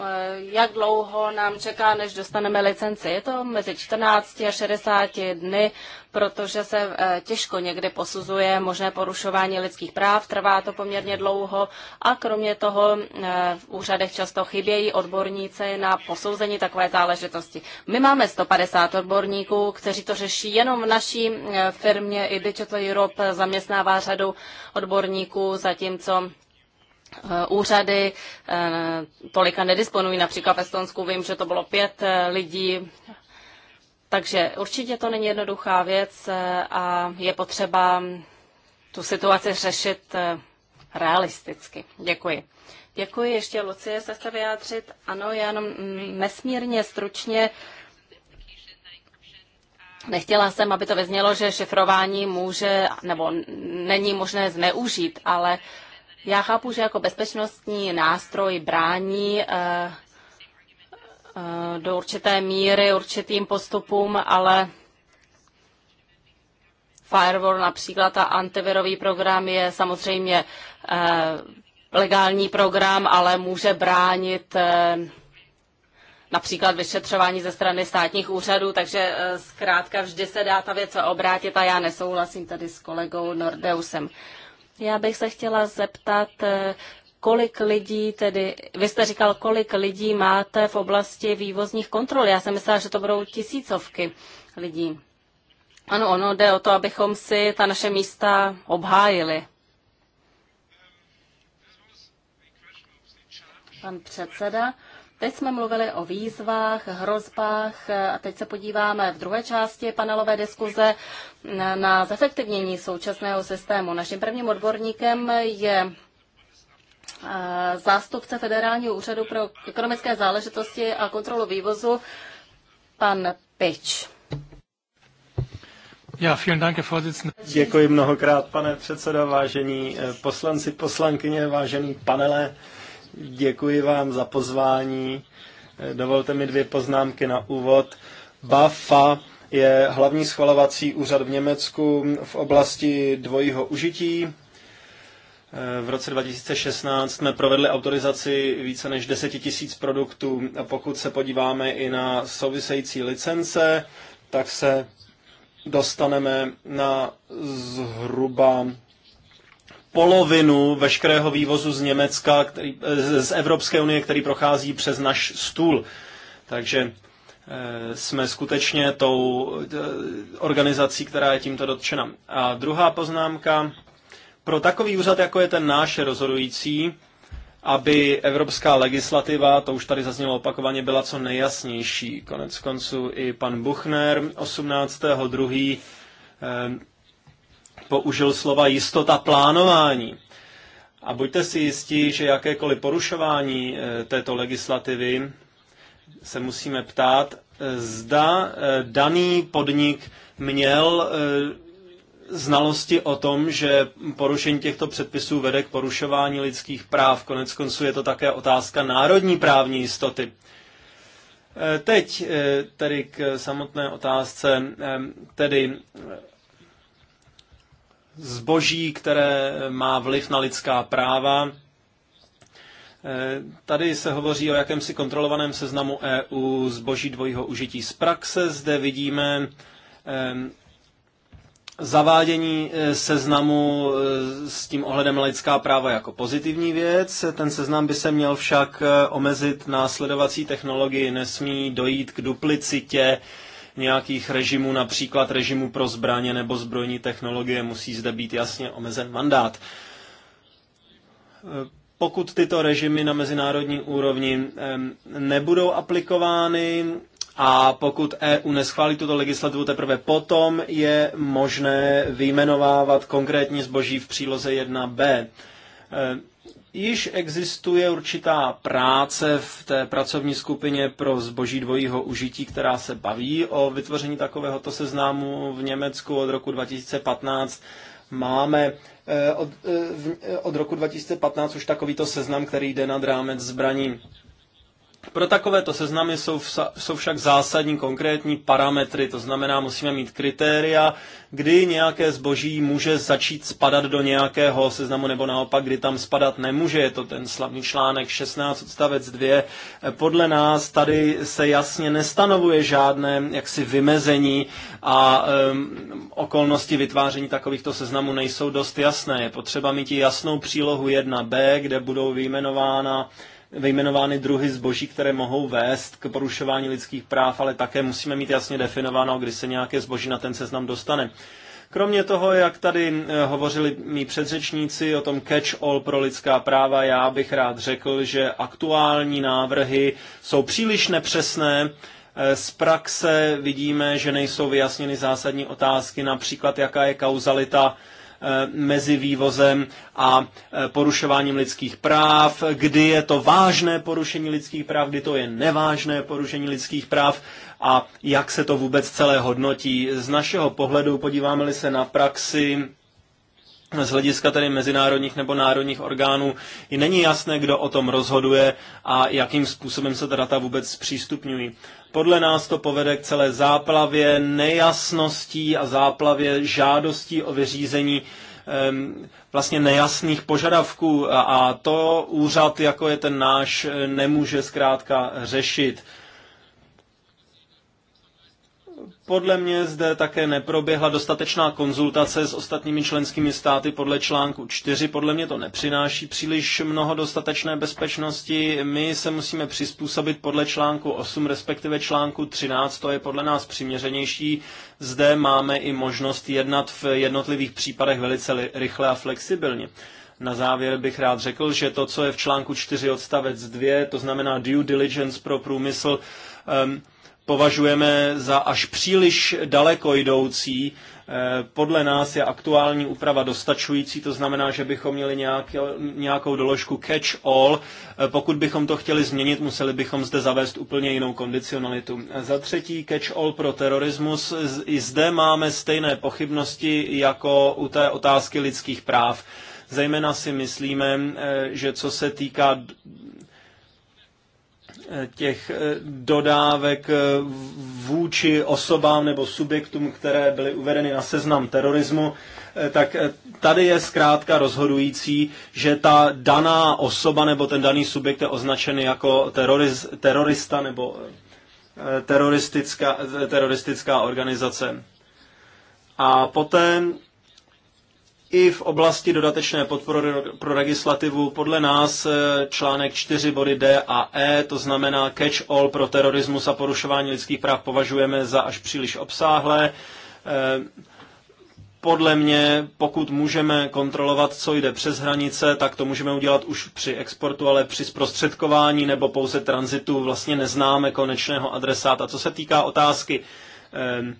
Eh, jak dlouho nám čeká, než dostaneme licenci. Je to mezi 14 a 60 dny, protože se eh, těžko někdy posuzuje možné porušování lidských práv, trvá to poměrně dlouho a kromě toho eh, v úřadech často chybějí odborníci na posouzení takové záležitosti. My máme 150 odborníků, kteří to řeší jenom v naší firmě. I Digital Europe zaměstnává řadu odborníků, zatímco Eh, úřady eh, tolika nedisponují. Například v Estonsku vím, že to bylo pět eh, lidí. Takže určitě to není jednoduchá věc a je potřeba tu situaci řešit realisticky. Děkuji. Děkuji. Ještě Lucie se chce vyjádřit. Ano, já jenom mm, nesmírně stručně Nechtěla jsem, aby to vyznělo, že šifrování může nebo není možné zneužít, ale uh, já chápu, že jako bezpečnostní nástroj brání eh, eh, do určité míry určitým postupům, ale Firewall například a antivirový program je samozřejmě eh, legální program, ale může bránit například vyšetřování ze strany státních úřadů, takže zkrátka vždy se dá ta věc obrátit a já nesouhlasím tady s kolegou Nordeusem. Já bych se chtěla zeptat, eh, kolik lidí tedy, vy jste říkal, kolik lidí máte v oblasti vývozních kontrol. Já jsem myslela, že to budou tisícovky lidí. Ano, ono jde o to, abychom si ta naše místa obhájili. Pan předseda. Teď jsme mluvili o výzvách, hrozbách a teď se podíváme v druhé části panelové diskuze na zefektivnění současného systému. Naším prvním odborníkem je eh, zástupce Federálního úřadu pro ekonomické záležitosti a kontrolu vývozu, pan Pič. Ja, vielen Dank, Herr Děkuji mnohokrát, pane předsedo, vážení eh, poslanci, poslankyně, vážený panele. Děkuji vám za pozvání. Dovolte mi dvě poznámky na úvod. BAFA je hlavní schvalovací úřad v Německu v oblasti dvojího užití. V roce 2016 jsme provedli autorizaci více než 10 tisíc produktů. A pokud se podíváme i na související licence, tak se dostaneme na zhruba polovinu veškerého vývozu z Německa, který, eh, z Evropské unie, který prochází přes náš stůl. Takže eh, jsme skutečně tou eh, organizací, která je tímto dotčena. A druhá poznámka. Pro takový úřad, jako je ten náš, rozhodující, aby evropská legislativa, to už tady zaznělo opakovaně, byla co nejjasnější. Konec konců i pan Buchner 18.2 použil slova jistota plánování. A buďte si jistí, že jakékoliv porušování eh, této legislativy se musíme ptát, eh, zda eh, daný podnik měl znalosti o tom, že porušení těchto předpisů vede k porušování lidských práv. Konec konců je to také otázka národní právní jistoty. Teď tedy k samotné otázce, tedy zboží, které má vliv na lidská práva. Eh, tady se hovoří o jakémsi kontrolovaném seznamu EU zboží dvojího užití z praxe. Zde vidíme eh, zavádění eh, seznamu s tím ohledem na lidská práva jako pozitivní věc. Ten seznam by se měl však omezit na sledovací technologii, nesmí dojít k duplicitě nějakých režimů, například režimu pro zbraně nebo zbrojní technologie, musí zde být jasně omezen mandát. E, pokud tyto režimy na mezinárodní úrovni nebudou aplikovány, a pokud EU neschválí tuto legislativu teprve potom, je možné vyjmenovávat konkrétní zboží v příloze 1b. Již existuje určitá práce v té pracovní skupině pro zboží dvojího užití, která se baví o vytvoření takovéhoto seznámu v Německu od roku 2015. Máme eh, od, eh, eh, od roku 2015 už takovýto seznam, který jde nad rámec zbraní. Pro takovéto seznamy jsou, vsa, jsou však zásadní konkrétní parametry, to znamená, musíme mít kritéria, kdy nějaké zboží může začít spadat do nějakého seznamu, nebo naopak, kdy tam spadat nemůže. Je to ten slavný článek 16 odstavec 2. Podle nás tady se jasně nestanovuje žádné jaksi vymezení a um, okolnosti vytváření takovýchto seznamů nejsou dost jasné. Je potřeba mít jasnou přílohu 1b, kde budou vyjmenována vyjmenovány druhy zboží, které mohou vést k porušování lidských práv, ale také musíme mít jasně definováno, kdy se nějaké zboží na ten seznam dostane. Kromě toho, jak tady eh, hovořili mý předřečníci o tom catch-all pro lidská práva, já bych rád řekl, že aktuální návrhy jsou příliš nepřesné. Eh, z praxe vidíme, že nejsou vyjasněny zásadní otázky, například jaká je kauzalita Eh, mezi vývozem a eh, porušováním lidských práv, kdy je to vážné porušení lidských práv, kdy to je nevážné porušení lidských práv a jak se to vůbec celé hodnotí. Z našeho pohledu podíváme-li se na praxi z hlediska tedy mezinárodních nebo národních orgánů i není jasné, kdo o tom rozhoduje a jakým způsobem se ta data vůbec zpřístupňují. Podle nás to povede k celé záplavě nejasností a záplavě žádostí o vyřízení vlastně nejasných požadavků a to úřad, jako je ten náš, nemůže zkrátka řešit. Podle mě zde také neproběhla dostatečná konzultace s ostatními členskými státy podle článku 4. Podle mě to nepřináší příliš mnoho dostatečné bezpečnosti. My se musíme přizpůsobit podle článku 8, respektive článku 13. To je podle nás přiměřenější. Zde máme i možnost jednat v jednotlivých případech velice rychle a flexibilně. Na závěr bych rád řekl, že to, co je v článku 4 odstavec 2, to znamená due diligence pro průmysl, um, považujeme za až příliš daleko jdoucí. Eh, podle nás je aktuální úprava dostačující, to znamená, že bychom měli nějakou doložku catch-all. Eh, pokud bychom to chtěli změnit, museli bychom zde zavést úplně jinou kondicionalitu. Eh, za třetí, catch-all pro terorismus. I zde máme stejné pochybnosti jako u té otázky lidských práv. Zejména si myslíme, že co se týká těch eh, dodávek eh, vůči osobám nebo subjektům, které byly uvedeny na seznam terorismu, eh, tak tady je zkrátka rozhodující, že ta daná osoba nebo ten daný subjekt je označen jako teroriz, terorista nebo teroristická, teroristická organizace. A poté i v oblasti dodatečné podpory pro legislativu podle nás eh, článek 4 body D a E, to znamená catch all pro terorismus a porušování lidských práv považujeme za až příliš obsáhlé. Eh, podle mě, pokud můžeme kontrolovat, co jde přes hranice, tak to můžeme udělat už při exportu, ale při zprostředkování nebo pouze tranzitu vlastně neznáme konečného adresáta. Co se týká otázky eh,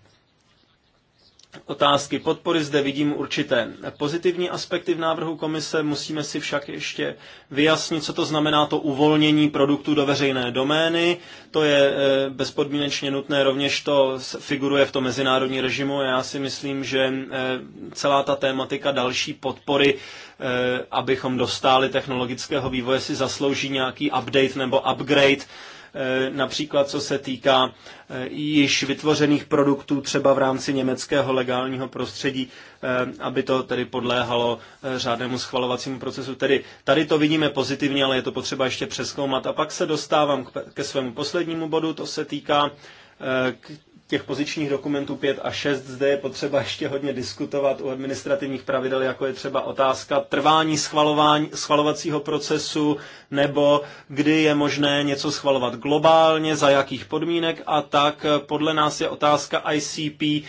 otázky podpory zde vidím určité pozitivní aspekty v návrhu komise, musíme si však ještě vyjasnit, co to znamená to uvolnění produktů do veřejné domény. To je eh, bezpodmínečně nutné, rovněž to figuruje v tom mezinárodní režimu. Já si myslím, že eh, celá ta tématika další podpory, eh, abychom dostali technologického vývoje, si zaslouží nějaký update nebo upgrade Eh, například co se týká eh, již vytvořených produktů třeba v rámci německého legálního prostředí, eh, aby to tedy podléhalo řádnému schvalovacímu procesu. Tedy tady to vidíme pozitivně, ale je to potřeba ještě přeskoumat. A pak se dostávám ke svému poslednímu bodu, to se týká k těch pozičních dokumentů 5 a 6 zde je potřeba ještě hodně diskutovat u administrativních pravidel, jako je třeba otázka trvání schvalování, schvalovacího procesu, nebo kdy je možné něco schvalovat globálně, za jakých podmínek a tak. Podle nás je otázka ICP eh,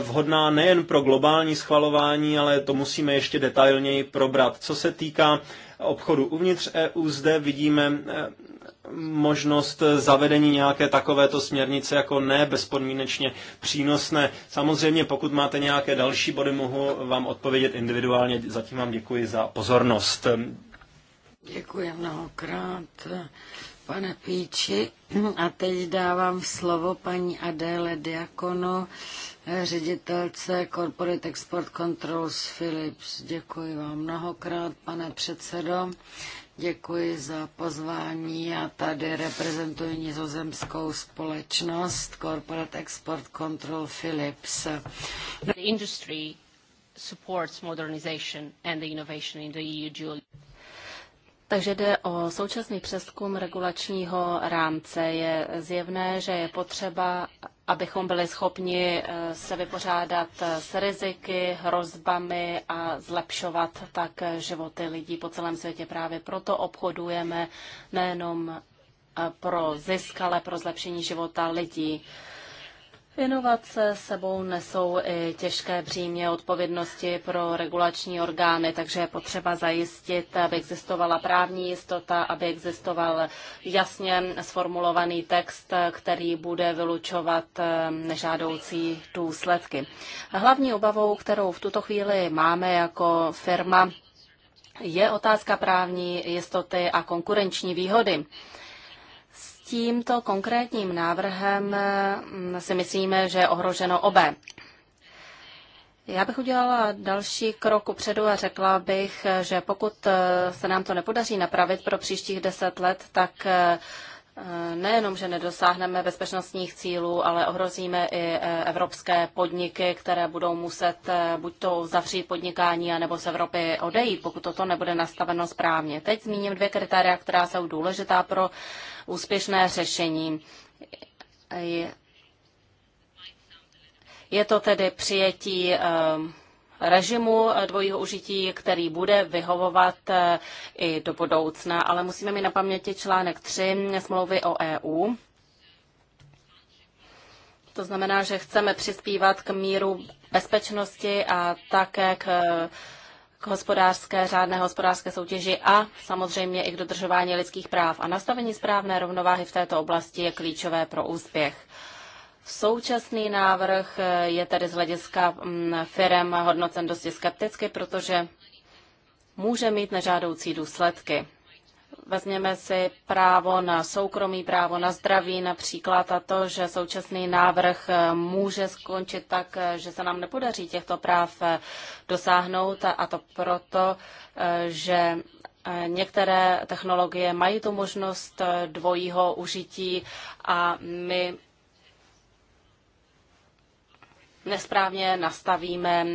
vhodná nejen pro globální schvalování, ale to musíme ještě detailněji probrat. Co se týká obchodu uvnitř EU, zde vidíme eh, možnost zavedení nějaké takovéto směrnice jako ne bezpodmínečně přínosné. Samozřejmě, pokud máte nějaké další body, mohu vám odpovědět individuálně. Zatím vám děkuji za pozornost. Děkuji mnohokrát, pane Píči. A teď dávám slovo paní Adéle Diakono, ředitelce Corporate Export Controls Philips. Děkuji vám mnohokrát, pane předsedo. Děkuji za pozvání. Já tady reprezentuji nizozemskou společnost Corporate Export Control Philips. The industry supports modernization and the innovation in the EU dual. Takže jde o současný přeskum regulačního rámce. Je zjevné, že je potřeba, abychom byli schopni eh, se vypořádat eh, s riziky, hrozbami a zlepšovat tak eh, životy lidí po celém světě. Právě proto obchodujeme nejenom pro zisk, ale pro zlepšení života lidí. Inovace sebou nesou i těžké břímě odpovědnosti pro regulační orgány, takže je potřeba zajistit, aby existovala právní jistota, aby existoval jasně sformulovaný text, který bude vylučovat eh, nežádoucí důsledky. Hlavní obavou, kterou v tuto chvíli máme jako firma, je otázka právní jistoty a konkurenční výhody tímto konkrétním návrhem mm, si myslíme, že je ohroženo obé. Já bych udělala další krok upředu a řekla bych, že pokud eh, se nám to nepodaří napravit pro příštích deset let, tak eh, nejenom, že nedosáhneme bezpečnostních cílů, ale ohrozíme i eh, evropské podniky, které budou muset buď to zavřít podnikání, anebo z Evropy odejít, pokud toto nebude nastaveno správně. Teď zmíním dvě kritéria, která jsou důležitá pro úspěšné řešení. Je to tedy přijetí ehm, režimu dvojího užití, který bude vyhovovat eh, i do budoucna, ale musíme mít na paměti článek 3 smlouvy o EU. To znamená, že chceme přispívat k míru bezpečnosti a také k k hospodářské, řádné hospodářské soutěži a samozřejmě i k dodržování lidských práv. A nastavení správné rovnováhy v této oblasti je klíčové pro úspěch. Současný návrh je tedy z hlediska mm, firem hodnocen dosti skepticky, protože může mít nežádoucí důsledky. Vezměme si právo na soukromí, právo na zdraví například a to, že současný návrh eh, může skončit tak, eh, že se nám nepodaří těchto práv eh, dosáhnout a to proto, že některé technologie mají tu možnost dvojího užití a my nesprávně nastavíme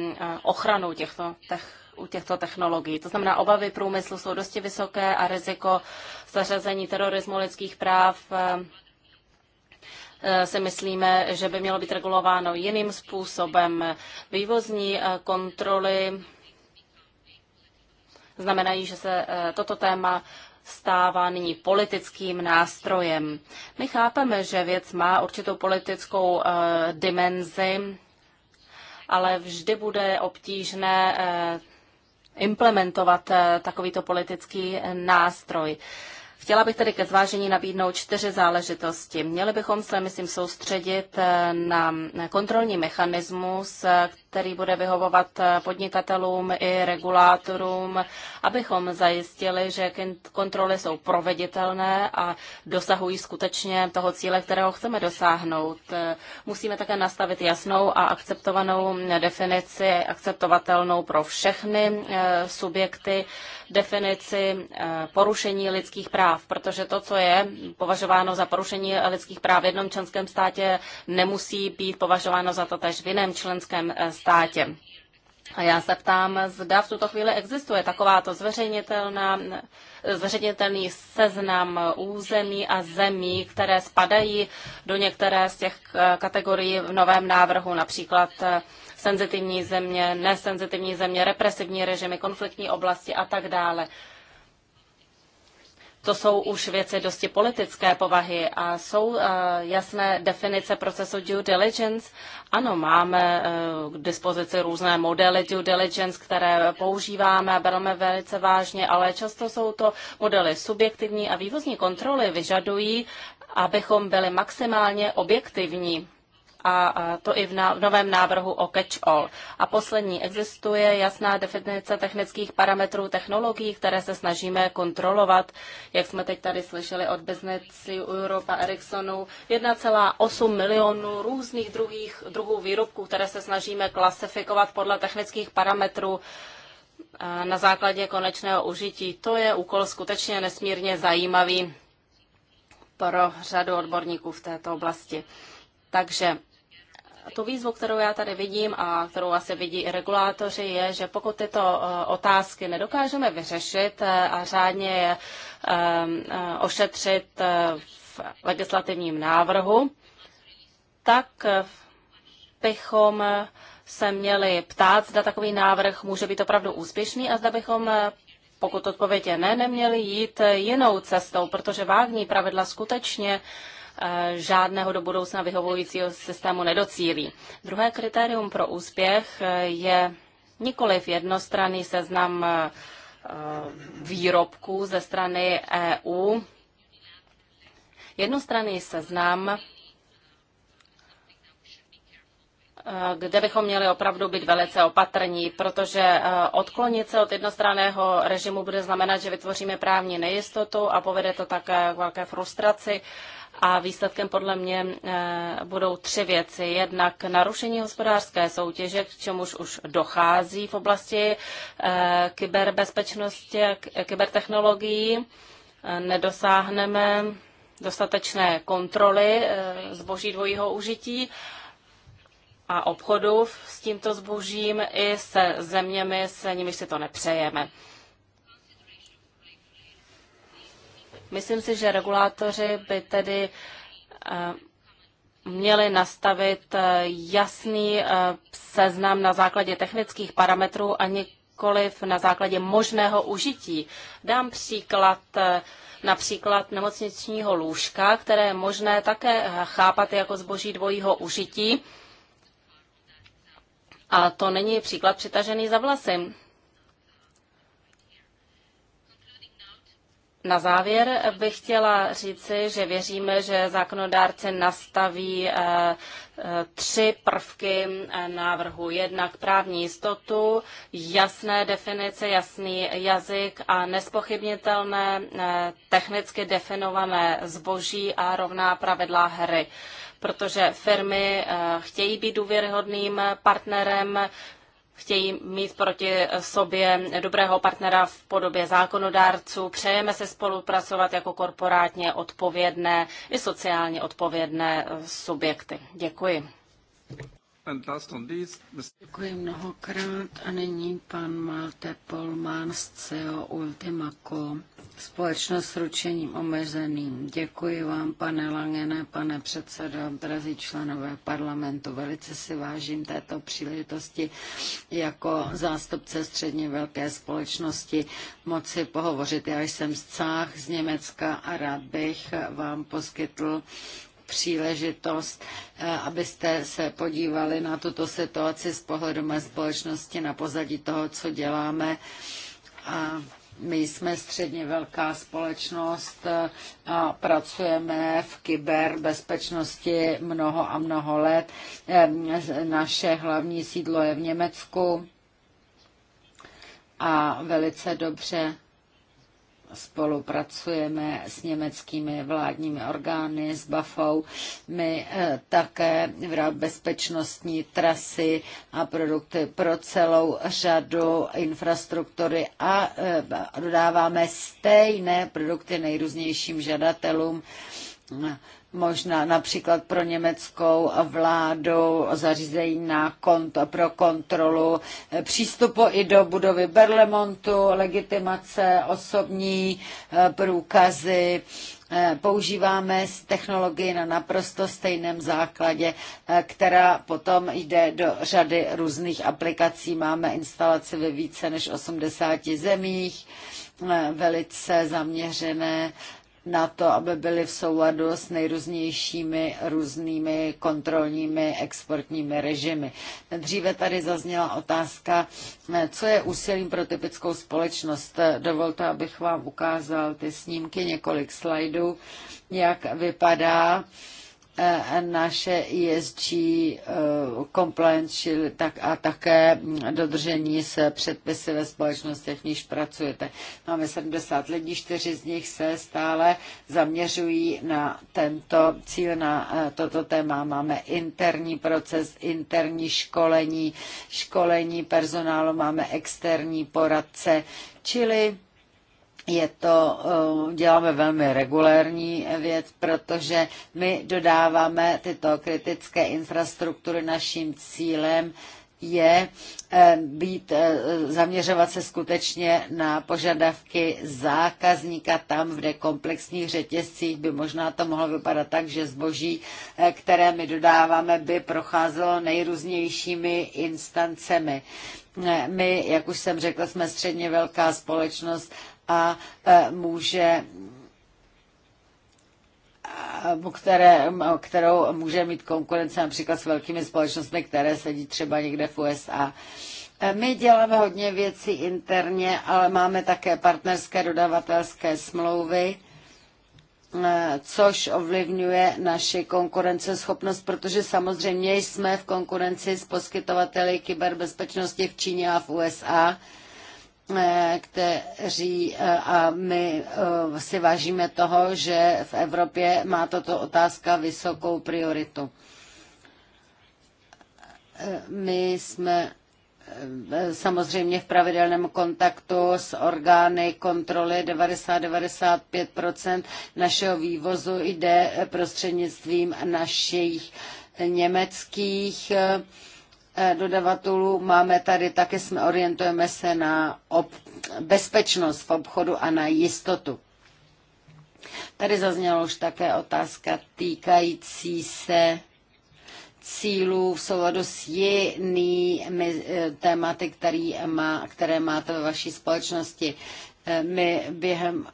ochranu těchto technologií u těchto technologií. To znamená, obavy průmyslu jsou dosti vysoké a riziko zařazení terorismu lidských práv eh, eh, si myslíme, že by mělo být regulováno jiným způsobem. Vývozní eh, kontroly znamenají, že se toto téma stává nyní politickým nástrojem. My chápeme, že věc má určitou politickou dimenzi, ale vždy bude obtížné implementovat eh, takovýto politický nástroj. Chtěla bych tedy ke zvážení nabídnout čtyři záležitosti. Měli bychom se, myslím, soustředit eh, na kontrolní mechanismus, který bude vyhovovat eh, podnikatelům i regulátorům, abychom zajistili, že kontroly jsou proveditelné a dosahují skutečně toho cíle, kterého chceme dosáhnout. Eh, musíme také nastavit jasnou a akceptovanou definici, akceptovatelnou pro všechny eh, subjekty, definici porušení lidských práv, protože to, co je považováno za porušení lidských práv v jednom členském státě, nemusí být považováno za to tež v jiném členském státě státě. A já se ptám, zda v tuto chvíli existuje takováto zveřejnitelná, zveřejnitelný seznam území a zemí, které spadají do některé z těch eh, kategorií v novém návrhu, například eh, senzitivní země, nesenzitivní země, represivní režimy, konfliktní oblasti a tak dále to jsou už věci dosti politické povahy a jsou eh, jasné definice procesu due diligence. Ano, máme eh, k dispozici různé modely due diligence, které používáme a bereme velice vážně, ale často jsou to modely subjektivní a vývozní kontroly vyžadují, abychom byli maximálně objektivní a to i v, na, v novém návrhu o catch-all. A poslední, existuje jasná definice technických parametrů technologií, které se snažíme kontrolovat, jak jsme teď tady slyšeli od Business Europe a Ericssonu, 1,8 milionů různých druhých, druhů výrobků, které se snažíme klasifikovat podle technických parametrů na základě konečného užití. To je úkol skutečně nesmírně zajímavý pro řadu odborníků v této oblasti. Takže tu výzvu, kterou já tady vidím a kterou asi vidí i regulátoři, je, že pokud tyto eh, otázky nedokážeme vyřešit eh, a řádně je ehm, eh, ošetřit v legislativním návrhu, tak bychom se měli ptát, zda takový návrh může být opravdu úspěšný a zda bychom pokud odpověď je ne, neměli jít jinou cestou, protože vágní pravidla skutečně uh, Eh, žádného do budoucna vyhovujícího systému nedocílí. Druhé kritérium pro úspěch eh, je nikoliv jednostranný seznam eh, výrobků ze strany EU. Jednostranný seznam, kde bychom měli opravdu být velice opatrní, protože odklonit se od jednostranného režimu bude znamenat, že vytvoříme právní nejistotu a povede to také k velké frustraci a výsledkem podle mě eh, budou tři věci. Jednak narušení hospodářské soutěže, k čemuž už dochází v oblasti eh, kyberbezpečnosti a eh, kybertechnologií. Nedosáhneme dostatečné kontroly zboží dvojího užití a obchodu s tímto zbožím i se zeměmi, se nimiž si to nepřejeme. Myslím si, že regulátoři by tedy eh, měli nastavit eh, jasný eh, seznam na základě technických parametrů a nikoliv na základě možného užití. Dám příklad například nemocničního lůžka, které je možné také chápat jako zboží dvojího užití. A to není příklad přitažený za vlasy. Na závěr bych chtěla říci, že věříme, že zákonodárce nastaví eh, eh, tři prvky eh, návrhu. Jednak právní jistotu, jasné definice, jasný jazyk a nespochybnitelné technicky definované zboží a rovná pravidla hry protože firmy chtějí být důvěryhodným partnerem, chtějí mít proti sobě dobrého partnera v podobě zákonodárců. Přejeme se spolupracovat jako korporátně odpovědné i sociálně odpovědné subjekty. Děkuji. Děkuji mnohokrát a nyní pan Malte Polman z CEO Ultimaco, společnost s ručením omezeným. Děkuji vám, pane Langene, pane předsedo, drazí členové parlamentu. Velice si vážím této příležitosti jako zástupce středně velké společnosti moci pohovořit. Já jsem z Cách z Německa a rád bych vám poskytl příležitost, eh, abyste se podívali na tuto situaci z pohledu mé společnosti na pozadí toho, co děláme. A my jsme středně velká společnost eh, a pracujeme v kyberbezpečnosti mnoho a mnoho let. Eh, naše hlavní sídlo je v Německu a velice dobře spolupracujeme s německými vládními orgány, s BAFou. My eh, také v bezpečnostní trasy a produkty pro celou řadu infrastruktury a eh, dodáváme stejné produkty nejrůznějším žadatelům možná například pro německou vládu zařízení na konto, pro kontrolu eh, přístupu i do budovy Berlemontu, legitimace, osobní eh, průkazy, eh, používáme technologii na naprosto stejném základě, která potom jde do řady různých aplikací. Máme instalace ve více než 80 zemích, velice zaměřené na to, aby byly v souladu s nejrůznějšími různými kontrolními exportními režimy. Dříve tady zazněla otázka, eh, co je úsilím pro typickou společnost. Eh, dovolte, abych vám ukázal ty snímky, několik slajdů, jak vypadá naše ESG eh, compliance tak a také dodržení se předpisy ve společnostech, v níž pracujete. Máme 70 lidí, čtyři z nich se stále zaměřují na tento cíl, na eh, toto téma. Máme interní proces, interní školení, školení personálu, máme externí poradce, čili je to, eh, děláme velmi regulérní věc, protože my dodáváme tyto kritické infrastruktury naším cílem je eh, být, eh, zaměřovat se skutečně na požadavky zákazníka tam, kde komplexních řetězcích by možná to mohlo vypadat tak, že zboží, které my dodáváme, by procházelo nejrůznějšími instancemi. My, jak už jsem řekla, jsme středně velká společnost a e, může které, kterou může mít konkurence například s velkými společnostmi, které sedí třeba někde v USA. E, my děláme hodně věcí interně, ale máme také partnerské dodavatelské smlouvy, e, což ovlivňuje naši konkurenceschopnost, protože samozřejmě jsme v konkurenci s poskytovateli kyberbezpečnosti v Číně a v USA kteří eh, a my eh, si vážíme toho, že v Evropě má toto otázka vysokou prioritu. Eh, my jsme samozřejmě v pravidelném kontaktu s orgány kontroly 90-95 našeho vývozu jde prostřednictvím našich německých Eh, dodavatelů. Máme tady také, jsme orientujeme se na bezpečnost v obchodu a na jistotu. Tady zazněla už také otázka týkající se cílů v souladu s jinými eh, tématy, který má, které máte ve vaší společnosti. Eh, my během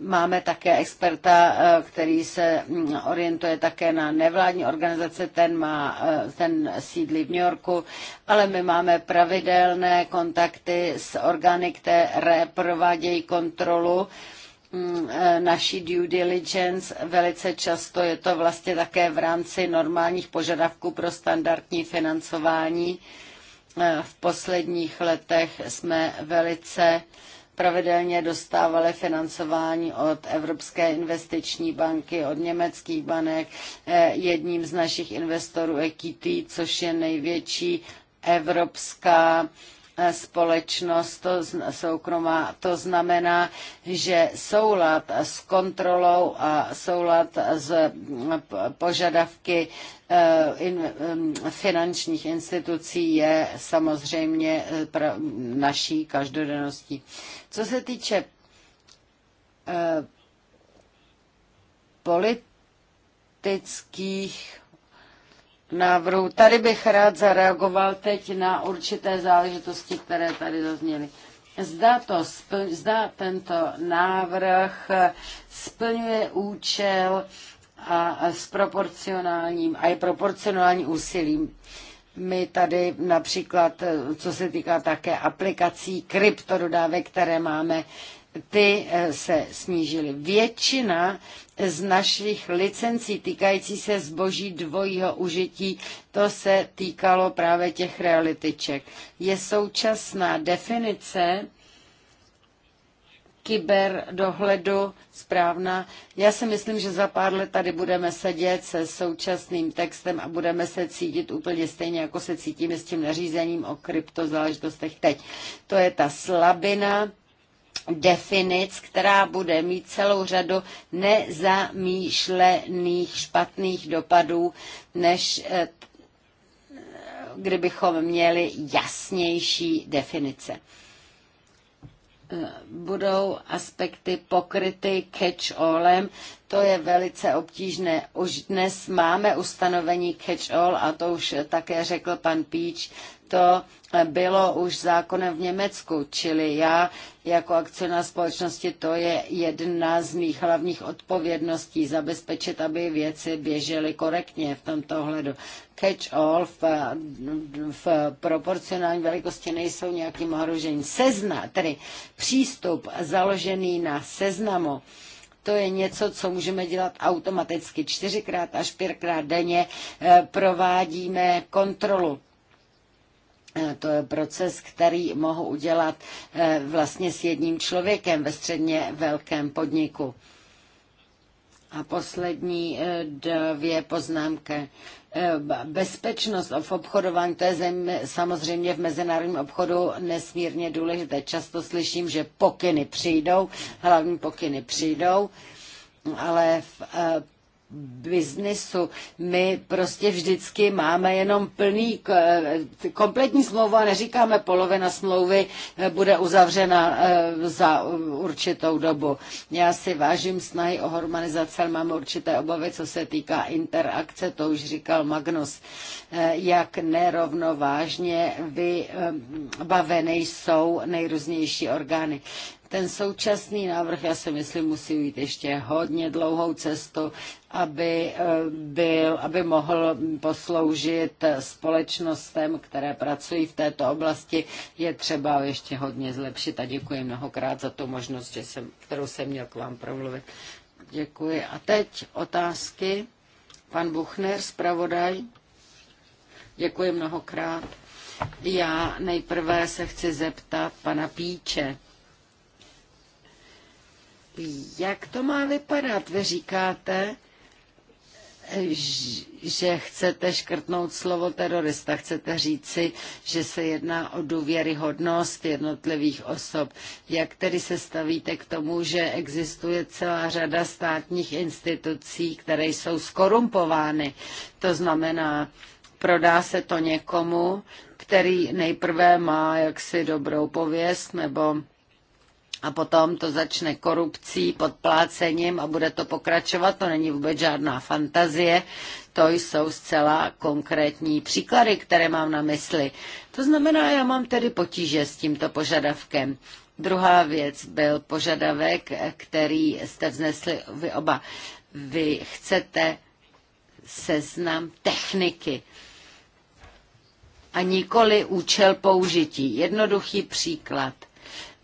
Máme také experta, eh, který se mm, orientuje také na nevládní organizace, ten, má, eh, ten sídlí v New Yorku, ale my máme pravidelné kontakty s orgány, které provádějí kontrolu mm, eh, naší due diligence. Velice často je to vlastně také v rámci normálních požadavků pro standardní financování. V posledních letech jsme velice pravidelně dostávaly financování od Evropské investiční banky, od německých banek. E, jedním z našich investorů je Kitty, což je největší evropská společnost, to soukromá, to znamená, že soulad s kontrolou a soulad s požadavky e, finančních institucí je samozřejmě e, naší každodenností. Co se týče e, politických návrhu. Tady bych rád zareagoval teď na určité záležitosti, které tady zazněly. Zda, to, zda tento návrh splňuje účel a s proporcionálním a je proporcionální úsilím. My tady například, co se týká také aplikací kryptododávek, které máme, ty eh, se snížily. Většina z našich licencí týkající se zboží dvojího užití, to se týkalo právě těch realityček. Je současná definice dohledu správná. Já si myslím, že za pár let tady budeme sedět se současným textem a budeme se cítit úplně stejně, jako se cítíme s tím nařízením o kryptozáležitostech teď. To je ta slabina, definic, která bude mít celou řadu nezamýšlených špatných dopadů, než eh, kdybychom měli jasnější definice. Eh, budou aspekty pokryty catch-allem, to je velice obtížné. Už dnes máme ustanovení catch-all a to už také řekl pan Píč, to bylo už zákonem v Německu, čili já jako akcionář společnosti to je jedna z mých hlavních odpovědností, zabezpečit, aby věci běžely korektně v tomto ohledu. Catch-all v, v proporcionální velikosti nejsou nějakým ohrožením. Sezna, tedy přístup založený na seznamu, to je něco, co můžeme dělat automaticky. Čtyřikrát až pětkrát denně eh, provádíme kontrolu Eh, to je proces, který mohu udělat eh, vlastně s jedním člověkem ve středně velkém podniku. A poslední eh, dvě poznámky. Bezpečnost v obchodování, to je zem, samozřejmě v mezinárodním obchodu nesmírně důležité. Často slyším, že pokyny přijdou, hlavní pokyny přijdou, ale v biznesu. My prostě vždycky máme jenom plný, eh, kompletní smlouvu a neříkáme polovina smlouvy eh, bude uzavřena eh, za určitou dobu. Já si vážím snahy o harmonizaci, ale mám určité obavy, co se týká interakce, to už říkal Magnus, jak nerovnovážně vybavené jsou nejrůznější orgány. Ten současný návrh, já si myslím, musí být ještě hodně dlouhou cestu, aby, eh, byl, aby mohl posloužit společnostem, které pracují v této oblasti. Je třeba ještě hodně zlepšit a děkuji mnohokrát za tu možnost, že jsem, kterou jsem měl k vám promluvit. Děkuji. A teď otázky. Pan Buchner, zpravodaj. Děkuji mnohokrát. Já nejprve se chci zeptat pana Píče. Jak to má vypadat? Vy říkáte, že chcete škrtnout slovo terorista, chcete říci, že se jedná o důvěryhodnost jednotlivých osob. Jak tedy se stavíte k tomu, že existuje celá řada státních institucí, které jsou skorumpovány? To znamená, prodá se to někomu, který nejprve má jaksi dobrou pověst nebo a potom to začne korupcí, podplácením a bude to pokračovat. To není vůbec žádná fantazie, to jsou zcela konkrétní příklady, které mám na mysli. To znamená, já mám tedy potíže s tímto požadavkem. Druhá věc byl požadavek, který jste vznesli vy oba. Vy chcete seznam techniky a nikoli účel použití. Jednoduchý příklad –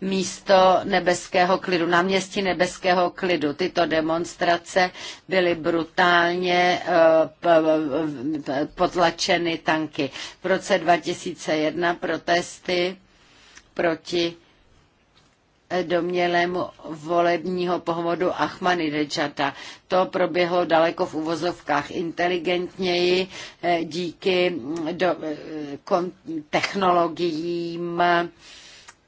místo nebeského klidu, na městí nebeského klidu. Tyto demonstrace byly brutálně eh, potlačeny tanky. V roce 2001 protesty proti domělému volebního Achmany Dejata. To proběhlo daleko v uvozovkách inteligentněji eh, díky do, eh, kon, technologiím,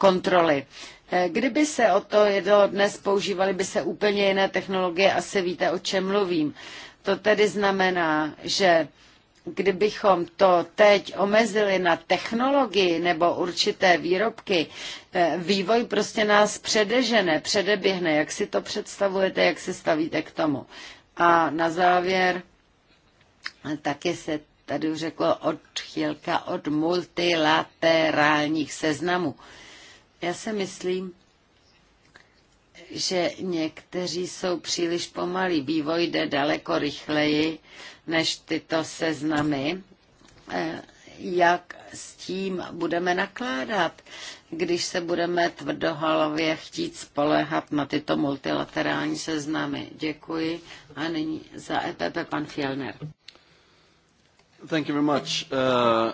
kontroly. Eh, kdyby se o to jedlo dnes, používaly by se úplně jiné technologie, asi víte, o čem mluvím. To tedy znamená, že kdybychom to teď omezili na technologii nebo určité výrobky, eh, vývoj prostě nás předežene, předeběhne. Jak si to představujete, jak se stavíte k tomu? A na závěr eh, taky se tady už řeklo odchylka od multilaterálních seznamů. Já si myslím, že někteří jsou příliš pomalí. Vývoj jde daleko rychleji než tyto seznamy. Eh, jak s tím budeme nakládat, když se budeme tvrdohalově chtít spolehat na tyto multilaterální seznamy? Děkuji. A nyní za EPP pan Fielner. Thank you very much. Uh...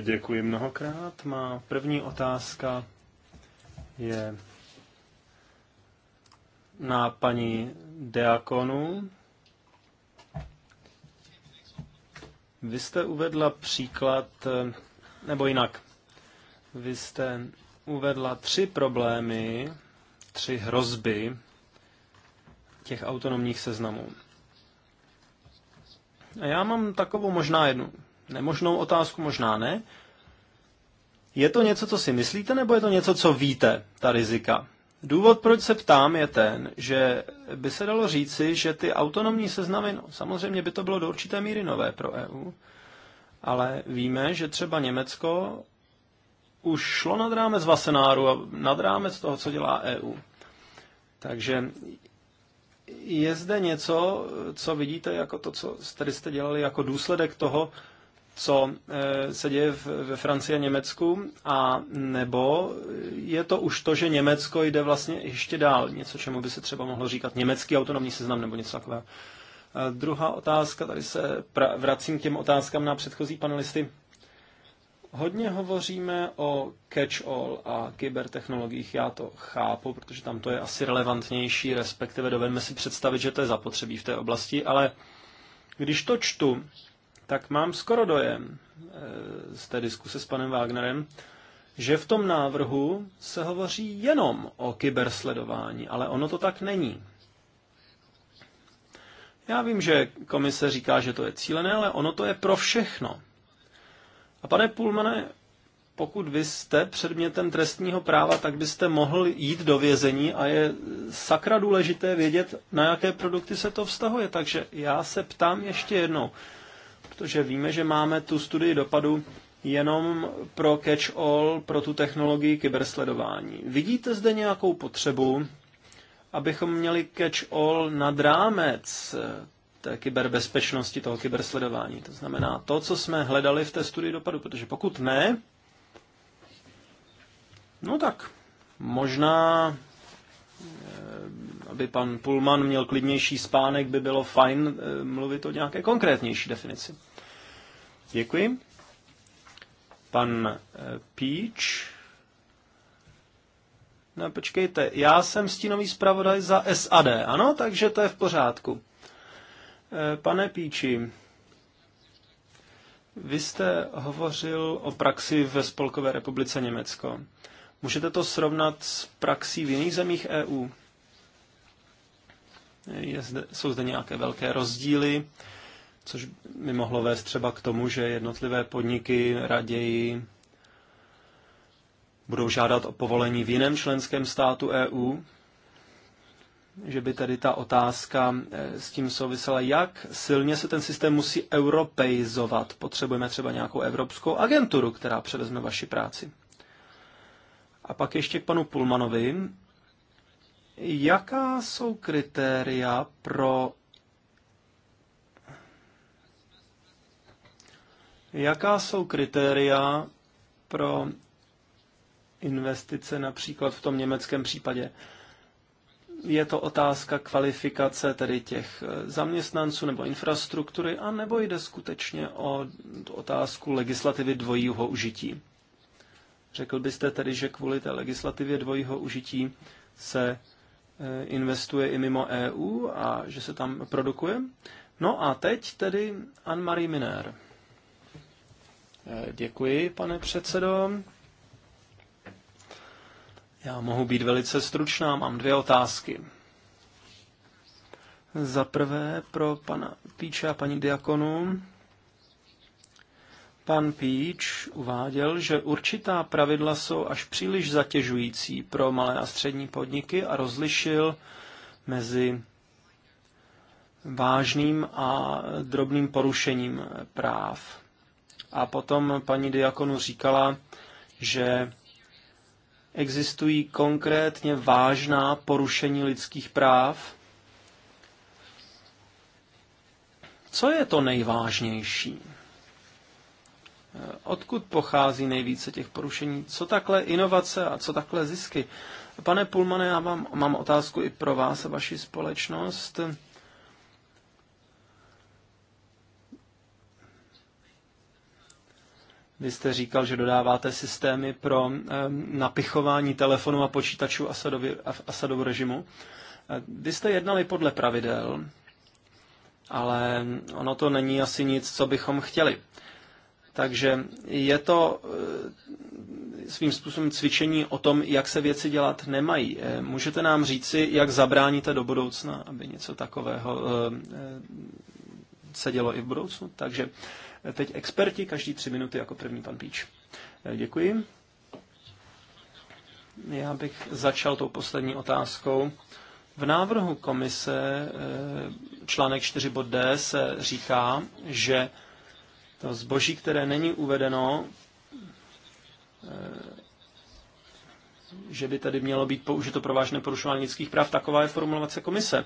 Děkuji mnohokrát. Má první otázka je na paní Deakonu. Vy jste uvedla příklad, nebo jinak, vy jste uvedla tři problémy, tři hrozby těch autonomních seznamů. A já mám takovou možná jednu nemožnou otázku, možná ne, je to něco, co si myslíte, nebo je to něco, co víte, ta rizika? Důvod, proč se ptám, je ten, že by se dalo říci, že ty autonomní seznamy, no, samozřejmě by to bylo do určité míry nové pro EU, ale víme, že třeba Německo už šlo nad rámec Vasenáru a nad rámec toho, co dělá EU. Takže je zde něco, co vidíte jako to, co tady jste dělali jako důsledek toho, co eh, se děje ve Francii a Německu, a nebo je to už to, že Německo jde vlastně ještě dál, něco, čemu by se třeba mohlo říkat německý autonomní seznam nebo něco takového. Druhá otázka, tady se vracím k těm otázkám na předchozí panelisty. Hodně hovoříme o catch-all a kybertechnologiích, já to chápu, protože tam to je asi relevantnější, respektive dovedeme si představit, že to je zapotřebí v té oblasti, ale když to čtu, tak mám skoro dojem eh, z té diskuse s panem Wagnerem, že v tom návrhu se hovoří jenom o kybersledování, ale ono to tak není. Já vím, že komise říká, že to je cílené, ale ono to je pro všechno. A pane Pulmane, pokud vy jste předmětem trestního práva, tak byste mohl jít do vězení a je sakra důležité vědět, na jaké produkty se to vztahuje. Takže já se ptám ještě jednou protože víme, že máme tu studii dopadu jenom pro catch-all, pro tu technologii kybersledování. Vidíte zde nějakou potřebu, abychom měli catch-all nad rámec eh, té kyberbezpečnosti, toho kybersledování. To znamená to, co jsme hledali v té studii dopadu, protože pokud ne, no tak možná aby pan Pullman měl klidnější spánek, by bylo fajn eh, mluvit o nějaké konkrétnější definici. Děkuji. Pan eh, Peach. No počkejte, já jsem stínový zpravodaj za SAD, ano, takže to je v pořádku. Eh, pane Píči, vy jste hovořil o praxi ve Spolkové republice Německo. Můžete to srovnat s praxí v jiných zemích EU? Je zde, jsou zde nějaké velké rozdíly, což by mohlo vést třeba k tomu, že jednotlivé podniky raději budou žádat o povolení v jiném členském státu EU, že by tedy ta otázka eh, s tím souvisela, jak silně se ten systém musí europeizovat. Potřebujeme třeba nějakou evropskou agenturu, která převezme vaši práci. A pak ještě k panu Pulmanovi. Jaká jsou kritéria pro Jaká jsou kritéria pro investice například v tom německém případě? Je to otázka kvalifikace tedy těch eh, zaměstnanců nebo infrastruktury, a nebo jde skutečně o otázku legislativy dvojího užití? Řekl byste tedy, že kvůli té legislativě dvojího užití se Eh, investuje i mimo EU a že se tam produkuje. No a teď tedy Anne-Marie Miner. Eh, děkuji, pane předsedo. Já mohu být velice stručná, mám dvě otázky. Za prvé pro pana Píče a paní Diakonu. Pan Peach uváděl, že určitá pravidla jsou až příliš zatěžující pro malé a střední podniky a rozlišil mezi vážným a drobným porušením práv. A potom paní Diakonu říkala, že existují konkrétně vážná porušení lidských práv. Co je to nejvážnější? Eh, odkud pochází nejvíce těch porušení? Co takhle inovace a co takhle zisky? Pane Pulmane, já vám, mám otázku i pro vás a vaši společnost. Vy jste říkal, že dodáváte systémy pro eh, napichování telefonu a počítačů Asadovi, Asadovu režimu. Eh, vy jste jednali podle pravidel, ale ono to není asi nic, co bychom chtěli. Takže je to eh, svým způsobem cvičení o tom, jak se věci dělat nemají. Eh, můžete nám říci, jak zabráníte do budoucna, aby něco takového eh, se dělo i v budoucnu? Takže teď experti, každý tři minuty jako první pan Píč. Děkuji. Já bych začal tou poslední otázkou. V návrhu komise článek 4.d bod D se říká, že to zboží, které není uvedeno, eh, že by tady mělo být použito pro vážné porušování lidských práv, taková je formulace komise.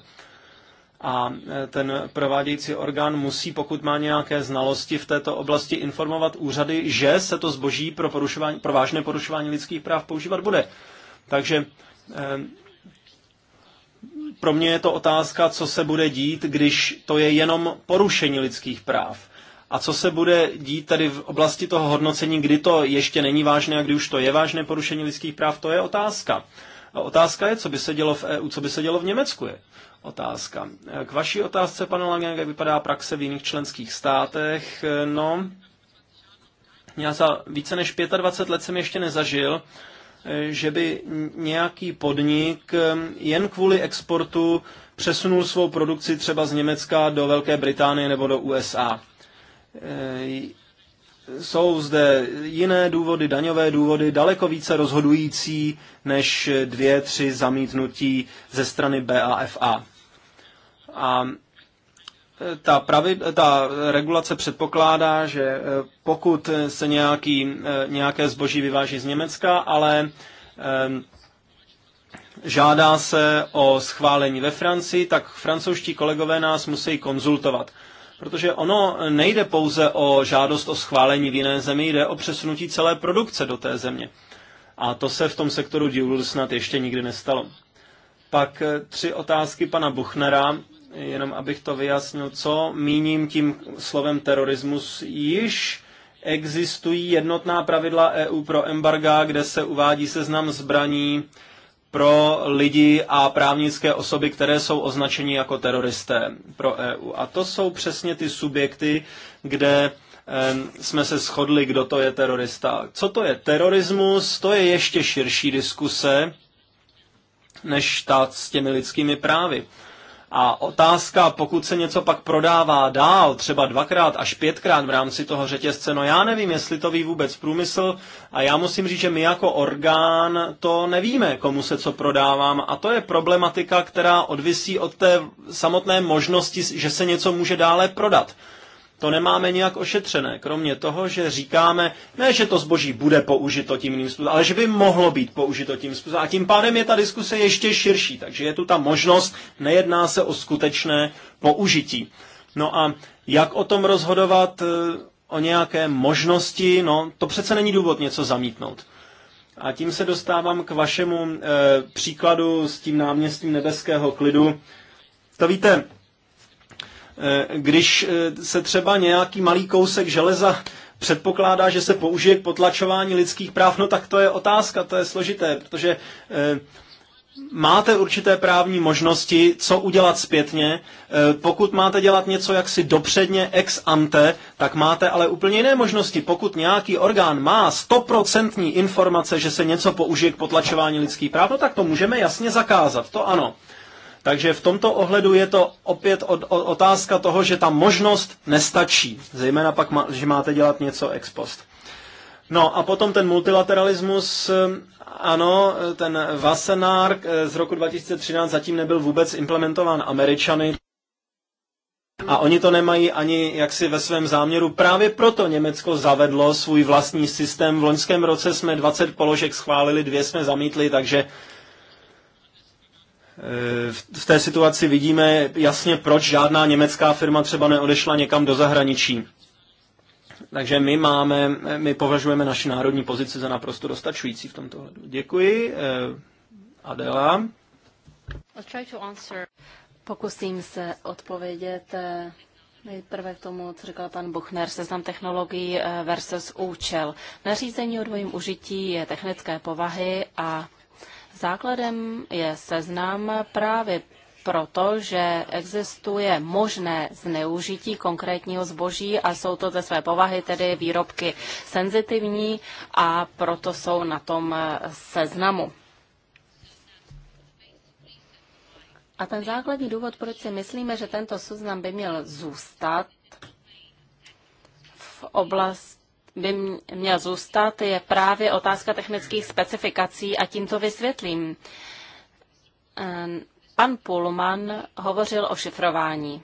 A eh, ten provádějící orgán musí, pokud má nějaké znalosti v této oblasti, informovat úřady, že se to zboží pro, porušování, pro vážné porušování lidských práv používat bude. Takže eh, pro mě je to otázka, co se bude dít, když to je jenom porušení lidských práv. A co se bude dít tady v oblasti toho hodnocení, kdy to ještě není vážné a kdy už to je vážné porušení lidských práv, to je otázka. A otázka je, co by se dělo v EU, co by se dělo v Německu je otázka. K vaší otázce, pane Lange, jak vypadá praxe v jiných členských státech, no, já za více než 25 let jsem ještě nezažil, že by nějaký podnik ehm, jen kvůli exportu přesunul svou produkci třeba z Německa do Velké Británie nebo do USA. Eh, jsou zde jiné důvody, daňové důvody, daleko více rozhodující než dvě, tři zamítnutí ze strany BAFA. A eh, ta, pravi, ta regulace předpokládá, že eh, pokud se nějaký, nějaké zboží vyváží z Německa, ale žádá se o schválení ve Francii, tak francouzští kolegové nás musí konzultovat. Protože ono nejde pouze o žádost o schválení v jiné zemi, jde o přesunutí celé produkce do té země. A to se v tom sektoru Dual snad ještě nikdy nestalo. Pak eh, tři otázky pana Buchnera, jenom abych to vyjasnil, co míním tím slovem terorismus. Již existují jednotná pravidla EU pro embarga, kde se uvádí seznam zbraní, pro lidi a právnické osoby, které jsou označeni jako teroristé pro EU. A to jsou přesně ty subjekty, kde jsme se shodli, kdo to je terorista. Co to je terorismus, to je ještě širší diskuse než stát s těmi lidskými právy. A otázka, pokud se něco pak prodává dál, třeba dvakrát až pětkrát v rámci toho řetězce, no já nevím, jestli to ví vůbec průmysl a já musím říct, že my jako orgán to nevíme, komu se co prodávám a to je problematika, která odvisí od té samotné možnosti, že se něco může dále prodat to nemáme nijak ošetřené, kromě toho, že říkáme, ne, že to zboží bude použito tím jiným způsobem, ale že by mohlo být použito tím způsobem. A tím pádem je ta diskuse ještě širší, takže je tu ta možnost, nejedná se o skutečné použití. No a jak o tom rozhodovat, e, o nějaké možnosti, no to přece není důvod něco zamítnout. A tím se dostávám k vašemu e, příkladu s tím náměstím nebeského klidu. To víte, Eh, když eh, se třeba nějaký malý kousek železa předpokládá, že se použije k potlačování lidských práv, no tak to je otázka, to je složité, protože eh, máte určité právní možnosti, co udělat zpětně. Pokud máte dělat něco jaksi dopředně ex ante, tak máte ale úplně jiné možnosti. Pokud nějaký orgán má stoprocentní informace, že se něco použije k potlačování lidských práv, no tak to můžeme jasně zakázat, to ano. Takže v tomto ohledu je to opět otázka toho, že ta možnost nestačí, zejména pak, že máte dělat něco ex post. No a potom ten multilateralismus, eh, ano, ten Wassenaar eh, z roku 2013 zatím nebyl vůbec implementován Američany. A oni to nemají ani jaksi ve svém záměru. Právě proto Německo zavedlo svůj vlastní systém. V loňském roce jsme 20 položek schválili, dvě jsme zamítli, takže v té situaci vidíme jasně, proč žádná německá firma třeba neodešla někam do zahraničí. Takže my máme, my považujeme naši národní pozici za naprosto dostačující v tomto hledu. Děkuji. Eh, Adela. Pokusím se odpovědět eh, Nejprve k tomu, co říkal pan Buchner, seznam technologií eh, versus účel. Nařízení o dvojím užití je technické povahy a Základem je seznam právě proto, že existuje možné zneužití konkrétního zboží a jsou to ze své povahy tedy výrobky senzitivní a proto jsou na tom seznamu. A ten základní důvod, proč si myslíme, že tento seznam by měl zůstat v oblasti by měl zůstat, je právě otázka technických specifikací a tím to vysvětlím. Ehm, pan Pullman hovořil o šifrování.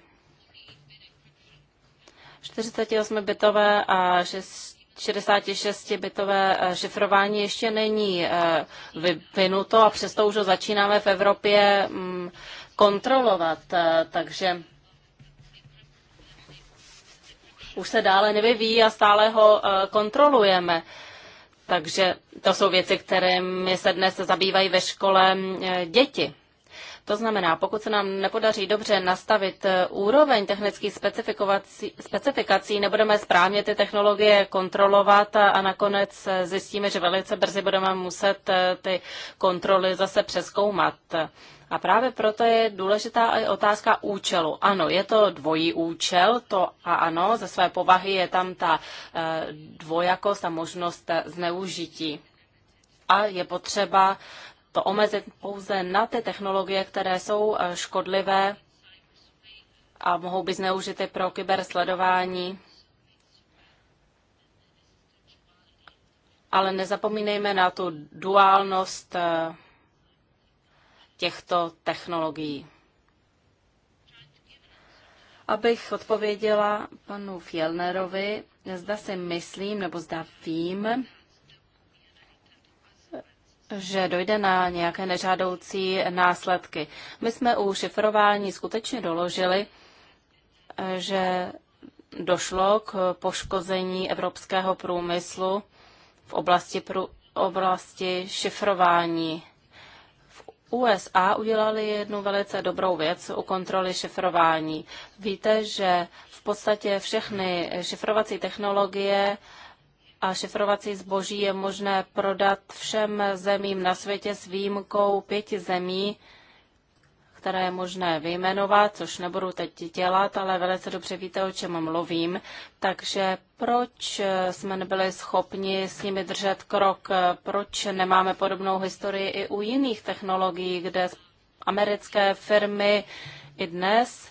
48-bitové a 66-bitové eh, šifrování ještě není eh, vyvinuto a přesto už ho začínáme v Evropě mm, kontrolovat. Eh, takže už se dále nevyvíjí a stále ho eh, kontrolujeme. Takže to jsou věci, kterými se dnes zabývají ve škole eh, děti. To znamená, pokud se nám nepodaří dobře nastavit eh, úroveň technických specifikací, nebudeme správně ty technologie kontrolovat a, a nakonec zjistíme, že velice brzy budeme muset ty kontroly zase přeskoumat. A právě proto je důležitá i otázka účelu. Ano, je to dvojí účel, to a ano, ze své povahy je tam ta e, dvojakost a možnost zneužití. A je potřeba to omezit pouze na ty technologie, které jsou e, škodlivé a mohou být zneužity pro kybersledování. Ale nezapomínejme na tu duálnost e, těchto technologií. Abych odpověděla panu Fjellnerovi, zda si myslím nebo zda vím, že dojde na nějaké nežádoucí následky. My jsme u šifrování skutečně doložili, že došlo k poškození evropského průmyslu v oblasti, prů, oblasti šifrování. USA udělali jednu velice dobrou věc u kontroly šifrování. Víte, že v podstatě všechny šifrovací technologie a šifrovací zboží je možné prodat všem zemím na světě s výjimkou pěti zemí, které je možné vyjmenovat, což nebudu teď dělat, ale velice dobře víte, o čem mluvím. Takže proč jsme nebyli schopni s nimi držet krok, proč nemáme podobnou historii i u jiných technologií, kde americké firmy i dnes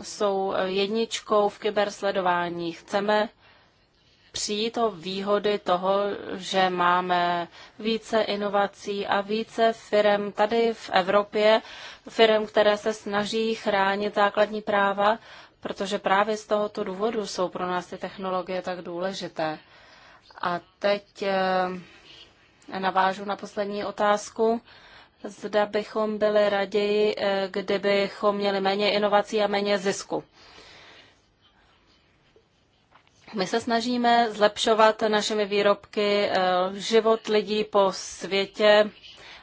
jsou jedničkou v kybersledování. Chceme přijít o výhody toho, že máme více inovací a více firm tady v Evropě, firm, které se snaží chránit základní práva, protože právě z tohoto důvodu jsou pro nás ty technologie tak důležité. A teď eh, navážu na poslední otázku. Zda bychom byli raději, eh, kdybychom měli méně inovací a méně zisku. My se snažíme zlepšovat našimi výrobky eh, život lidí po světě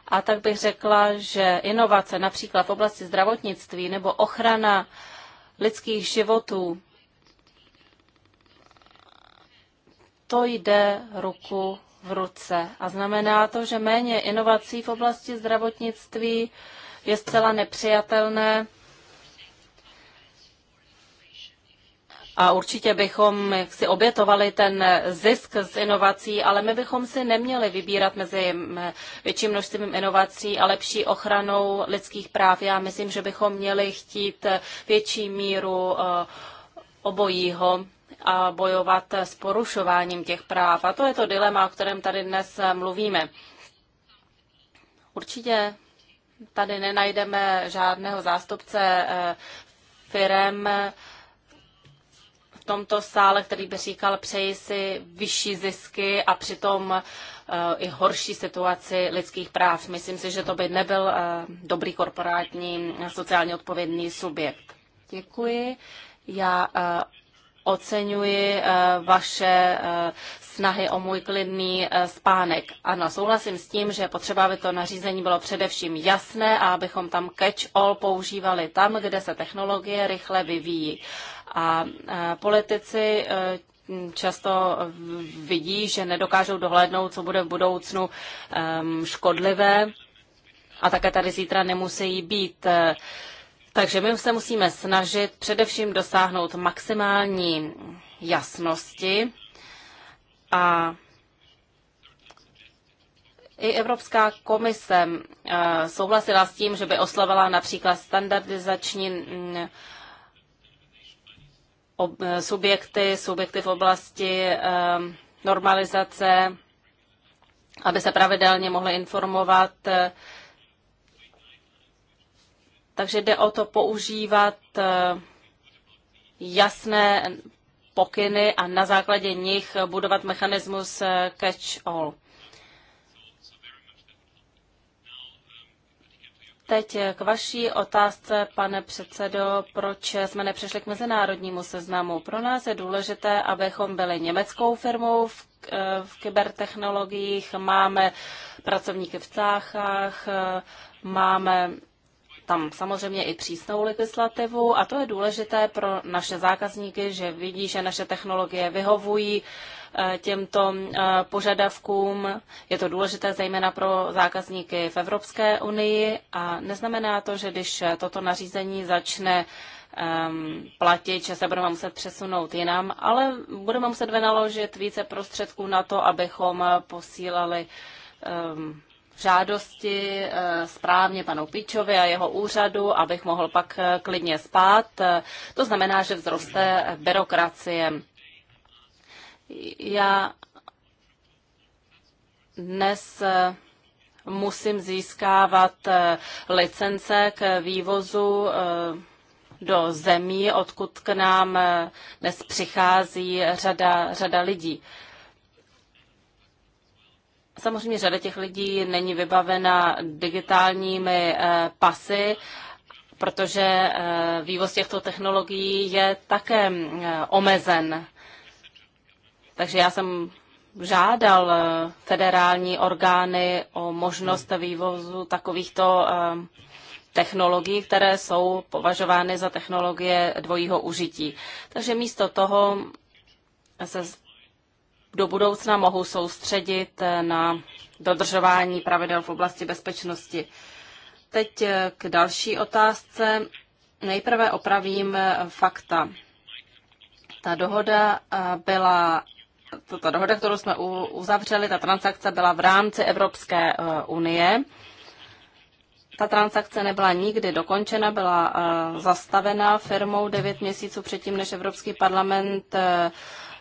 a tak bych řekla, že inovace například v oblasti zdravotnictví nebo ochrana lidských životů, to jde ruku v ruce. A znamená to, že méně inovací v oblasti zdravotnictví je zcela nepřijatelné a určitě bychom si obětovali ten zisk z inovací, ale my bychom si neměli vybírat mezi větším množstvím inovací a lepší ochranou lidských práv. Já myslím, že bychom měli chtít větší míru eh, obojího a bojovat s porušováním těch práv. A to je to dilema, o kterém tady dnes eh, mluvíme. Určitě tady nenajdeme žádného zástupce eh, firem, tomto sále, který by říkal, přeji si vyšší zisky a přitom eh, i horší situaci lidských práv. Myslím si, že to by nebyl eh, dobrý korporátní sociálně odpovědný subjekt. Děkuji. Já eh, oceňuji eh, vaše eh, snahy o můj klidný eh, spánek. Ano, souhlasím s tím, že je potřeba, aby to nařízení bylo především jasné a abychom tam catch-all používali tam, kde se technologie rychle vyvíjí. A politici často vidí, že nedokážou dohlédnout, co bude v budoucnu škodlivé a také tady zítra nemusí být. Takže my se musíme snažit především dosáhnout maximální jasnosti a i Evropská komise eh, souhlasila s tím, že by oslavila například standardizační mm, eh, subjekty, subjekty v oblasti eh, normalizace, aby se pravidelně mohly informovat takže jde o to používat eh, jasné pokyny a na základě nich budovat mechanismus eh, catch-all. Teď eh, k vaší otázce, pane předsedo, proč jsme nepřešli k mezinárodnímu seznamu. Pro nás je důležité, abychom byli německou firmou v, v kybertechnologiích, máme pracovníky v cáchách, máme tam samozřejmě i přísnou legislativu a to je důležité pro naše zákazníky, že vidí, že naše technologie vyhovují eh, těmto eh, požadavkům. Je to důležité zejména pro zákazníky v Evropské unii a neznamená to, že když toto nařízení začne ehm, platit, že se budeme muset přesunout jinam, ale budeme muset vynaložit více prostředků na to, abychom posílali ehm, žádosti eh, správně panu Píčovi a jeho úřadu, abych mohl pak eh, klidně spát. To znamená, že vzroste byrokracie. Já dnes eh, musím získávat licence k vývozu do zemí, odkud k nám dnes přichází řada, řada lidí. Samozřejmě řada těch lidí není vybavena digitálními eh, pasy, protože eh, vývoz těchto technologií je také eh, omezen. Takže já jsem žádal federální orgány o možnost hmm. vývozu takovýchto technologií, které jsou považovány za technologie dvojího užití. Takže místo toho se do budoucna mohou soustředit eh, na dodržování pravidel v oblasti bezpečnosti. Teď eh, k další otázce. Nejprve opravím eh, fakta. Ta dohoda byla, ta dohoda, kterou jsme uzavřeli, ta transakce byla v rámci Evropské unie. Ta transakce nebyla nikdy dokončena, byla zastavena firmou devět měsíců předtím, než Evropský parlament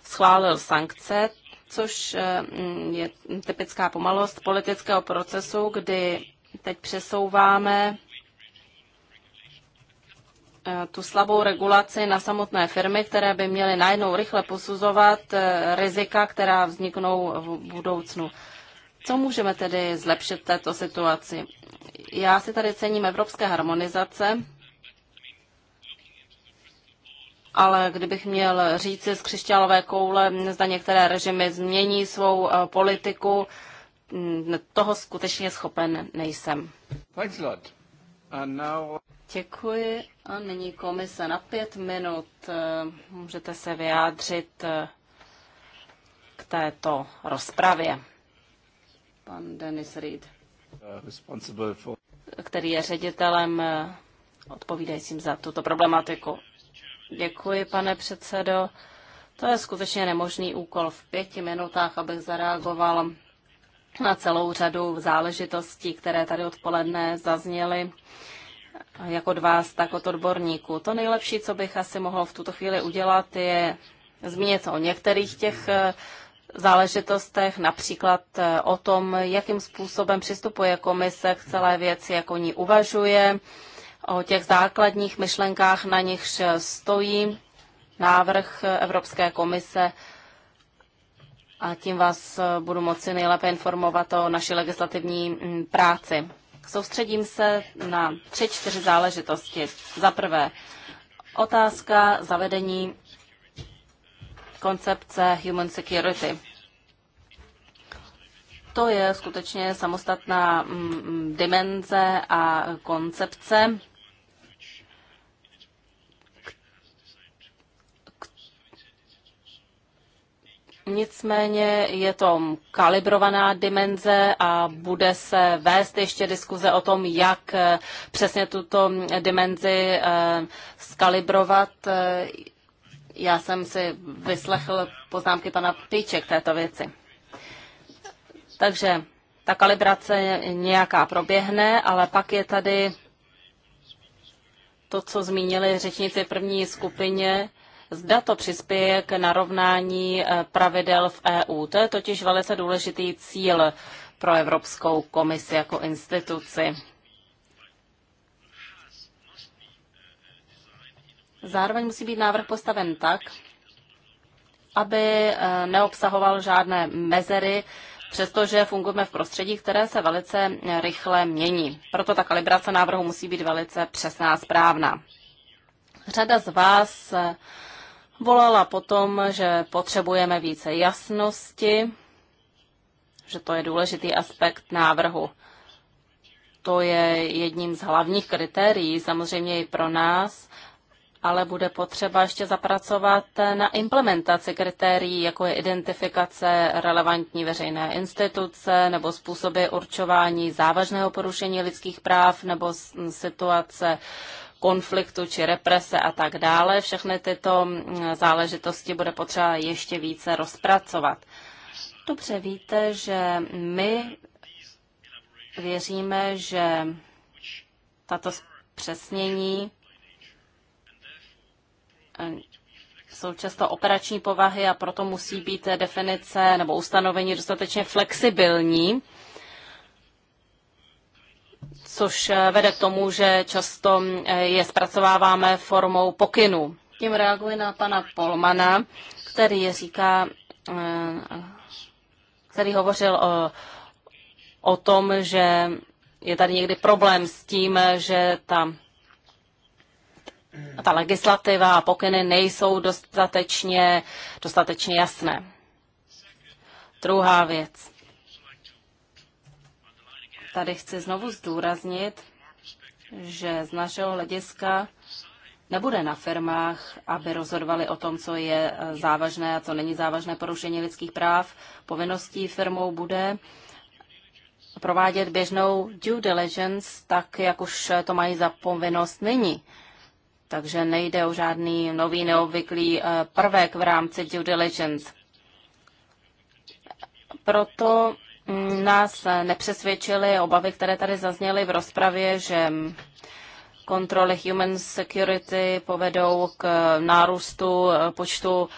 schválil sankce což eh, mm, je typická pomalost politického procesu, kdy teď přesouváme eh, tu slabou regulaci na samotné firmy, které by měly najednou rychle posuzovat eh, rizika, která vzniknou v budoucnu. Co můžeme tedy zlepšit této situaci? Já si tady cením evropské harmonizace, ale kdybych měl říci z křišťálové koule, zda některé režimy změní svou eh, politiku, mm, toho skutečně schopen nejsem. a Děkuji a nyní komise na pět minut. Eh, můžete se vyjádřit eh, k této rozpravě. Pan Denis Reed, uh, který je ředitelem odpovídajícím za tuto problematiku. Děkuji, pane předsedo. To je skutečně nemožný úkol v pěti minutách, abych zareagoval na celou řadu záležitostí, které tady odpoledne zazněly jak od vás, tak od odborníků. To nejlepší, co bych asi mohl v tuto chvíli udělat, je zmínit o některých těch eh, záležitostech, například eh, o tom, jakým způsobem přistupuje komise k celé věci, jak o ní uvažuje, o těch základních myšlenkách, na nichž stojí návrh Evropské komise a tím vás budu moci nejlépe informovat o naší legislativní mm, práci. Soustředím se na tři, čtyři záležitosti. Za prvé, otázka zavedení koncepce Human Security. To je skutečně samostatná mm, mm, dimenze a koncepce Nicméně je to kalibrovaná dimenze a bude se vést ještě diskuze o tom, jak eh, přesně tuto dimenzi eh, skalibrovat. Eh, já jsem si vyslechl poznámky pana Píče k této věci. Takže ta kalibrace nějaká proběhne, ale pak je tady to, co zmínili řečníci první skupině, Zda to přispěje k narovnání eh, pravidel v EU. To je totiž velice důležitý cíl pro Evropskou komisi jako instituci. Zároveň musí být návrh postaven tak, aby eh, neobsahoval žádné mezery, přestože fungujeme v prostředí, které se velice eh, rychle mění. Proto ta kalibrace návrhu musí být velice přesná a správná. Řada z vás volala potom, že potřebujeme více jasnosti, že to je důležitý aspekt návrhu. To je jedním z hlavních kritérií, samozřejmě i pro nás, ale bude potřeba ještě zapracovat na implementaci kritérií, jako je identifikace relevantní veřejné instituce nebo způsoby určování závažného porušení lidských práv nebo situace konfliktu či represe a tak dále. Všechny tyto mm, záležitosti bude potřeba ještě více rozpracovat. Dobře víte, že my věříme, že tato přesnění eh, jsou často operační povahy a proto musí být definice nebo ustanovení dostatečně flexibilní což eh, vede k tomu, že často eh, je zpracováváme formou pokynů. Tím reaguji na pana Polmana, který říká, eh, který hovořil o, o tom, že je tady někdy problém s tím, že ta, ta legislativa a pokyny nejsou dostatečně, dostatečně jasné. Druhá věc tady chci znovu zdůraznit, že z našeho hlediska nebude na firmách, aby rozhodovali o tom, co je závažné a co není závažné porušení lidských práv. Povinností firmou bude provádět běžnou due diligence, tak jak už to mají za povinnost nyní. Takže nejde o žádný nový neobvyklý eh, prvek v rámci due diligence. Proto nás nepřesvědčily obavy, které tady zazněly v rozpravě, že kontroly Human Security povedou k nárůstu počtu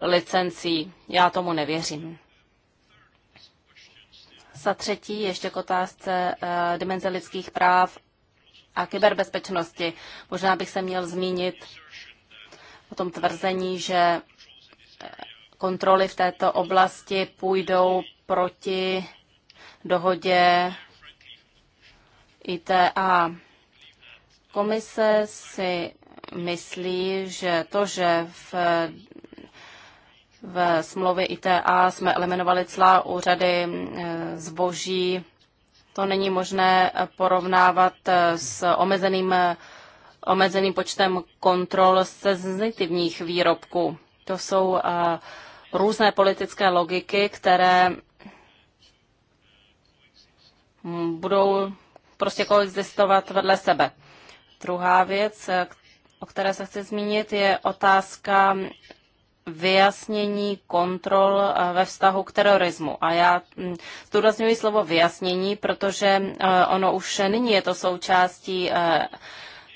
licencí. Já tomu nevěřím. Za třetí, ještě k otázce eh, dimenze lidských práv a kyberbezpečnosti. Možná bych se měl zmínit o tom tvrzení, že eh, kontroly v této oblasti půjdou proti dohodě ITA. Komise si myslí, že to, že v v smlouvě ITA jsme eliminovali celá úřady eh, zboží. To není možné porovnávat eh, s omezeným, eh, omezeným počtem kontrol senzitivních výrobků. To jsou různé politické logiky, které budou prostě koexistovat vedle sebe. Druhá věc, o které se chci zmínit, je otázka vyjasnění kontrol eh, ve vztahu k terorismu. A já mm, zdůrazňuji slovo vyjasnění, protože eh, ono už nyní je to součástí eh,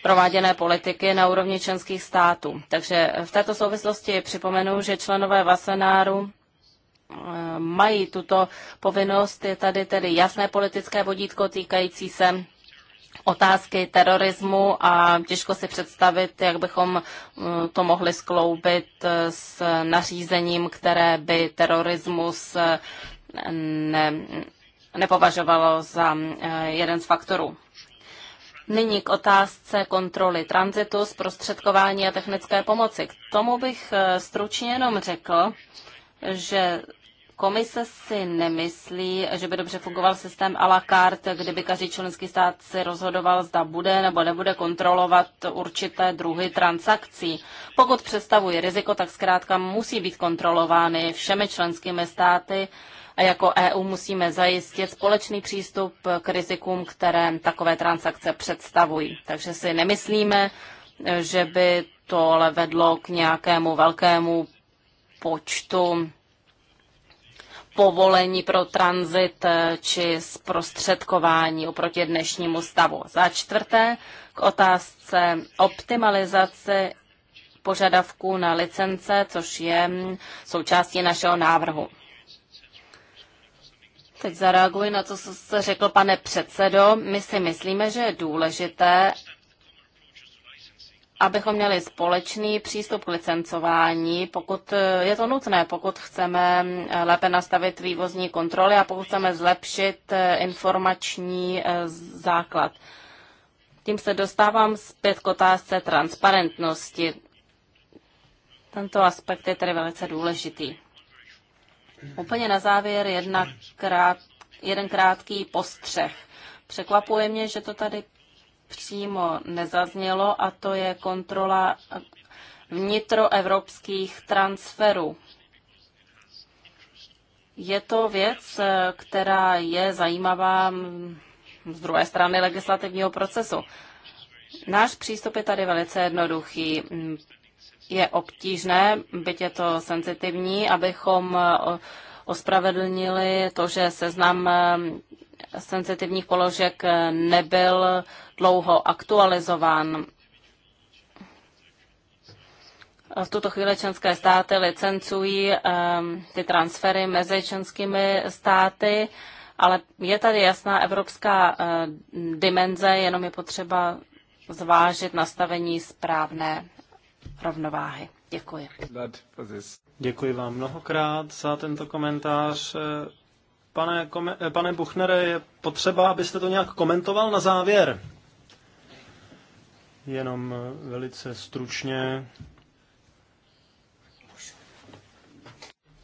prováděné politiky na úrovni členských států. Takže v této souvislosti připomenu, že členové Vasenáru Eh, mají tuto povinnost. Je tady tedy jasné politické vodítko týkající se otázky terorismu a těžko si představit, jak bychom eh, to mohli skloubit eh, s nařízením, které by terorismus ne, nepovažovalo za jeden z faktorů. Nyní k otázce kontroly tranzitu, zprostředkování a technické pomoci. K tomu bych stručně jenom řekl, že Komise si nemyslí, že by dobře fungoval systém à la carte, kdyby každý členský stát si rozhodoval, zda bude nebo nebude kontrolovat určité druhy transakcí. Pokud představují riziko, tak zkrátka musí být kontrolovány všemi členskými státy a jako EU musíme zajistit společný přístup k rizikům, které takové transakce představují. Takže si nemyslíme, že by to ale vedlo k nějakému velkému počtu povolení pro tranzit eh, či zprostředkování oproti dnešnímu stavu. Za čtvrté k otázce optimalizace požadavků na licence, což je mm, součástí našeho návrhu. Teď zareaguji na to, co jste řekl, pane předsedo. My si myslíme, že je důležité, abychom měli společný přístup k licencování, pokud eh, je to nutné, pokud chceme eh, lépe nastavit vývozní kontroly a pokud chceme zlepšit eh, informační základ. Tím se dostávám zpět k otázce transparentnosti. Tento aspekt je tedy velice důležitý. Úplně na závěr jedna krát, jeden krátký postřeh. Překvapuje mě, že to tady přímo nezaznělo, a to je kontrola vnitroevropských transferů. Je to věc, která je zajímavá z druhé strany legislativního procesu. Náš přístup je tady velice jednoduchý. Je obtížné, byť je to senzitivní, abychom ospravedlnili to, že seznam senzitivních položek nebyl dlouho aktualizován. V tuto chvíli členské státy licencují ehm, ty transfery mezi členskými státy, ale je tady jasná evropská ehm, dimenze, jenom je potřeba zvážit nastavení správné rovnováhy. Děkuji. Děkuji vám mnohokrát za tento komentář. Pane, kome, eh, pane Buchnere, je potřeba, abyste to nějak komentoval na závěr. Jenom eh, velice stručně.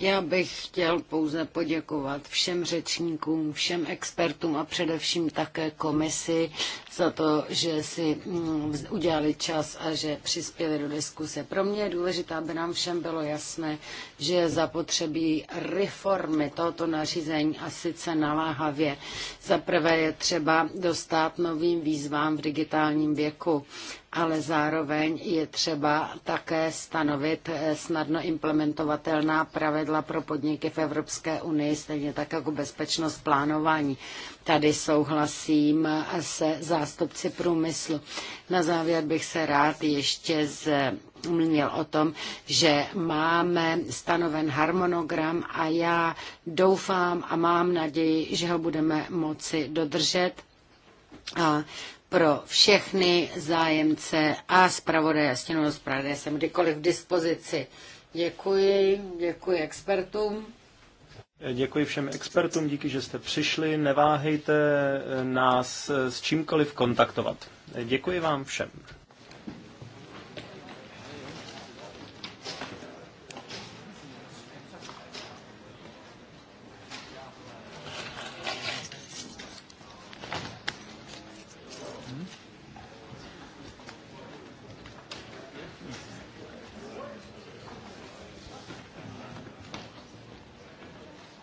Já bych chtěl pouze poděkovat všem řečníkům, všem expertům a především také komisi za to, že si mm, udělali čas a že přispěli do diskuse. Pro mě je důležité, aby nám všem bylo jasné, že je zapotřebí reformy tohoto nařízení a sice naláhavě. Za prvé je třeba dostat novým výzvám v digitálním věku ale zároveň je třeba také stanovit eh, snadno implementovatelná pravidla pro podniky v Evropské unii, stejně tak jako bezpečnost plánování. Tady souhlasím se zástupci průmyslu. Na závěr bych se rád ještě zmínil o tom, že máme stanoven harmonogram a já doufám a mám naději, že ho budeme moci dodržet. A pro všechny zájemce a zpravodaje a stěnou zpravodaje jsem kdykoliv k dispozici. Děkuji, děkuji expertům. Děkuji všem expertům, díky, že jste přišli. Neváhejte nás s čímkoliv kontaktovat. Děkuji vám všem.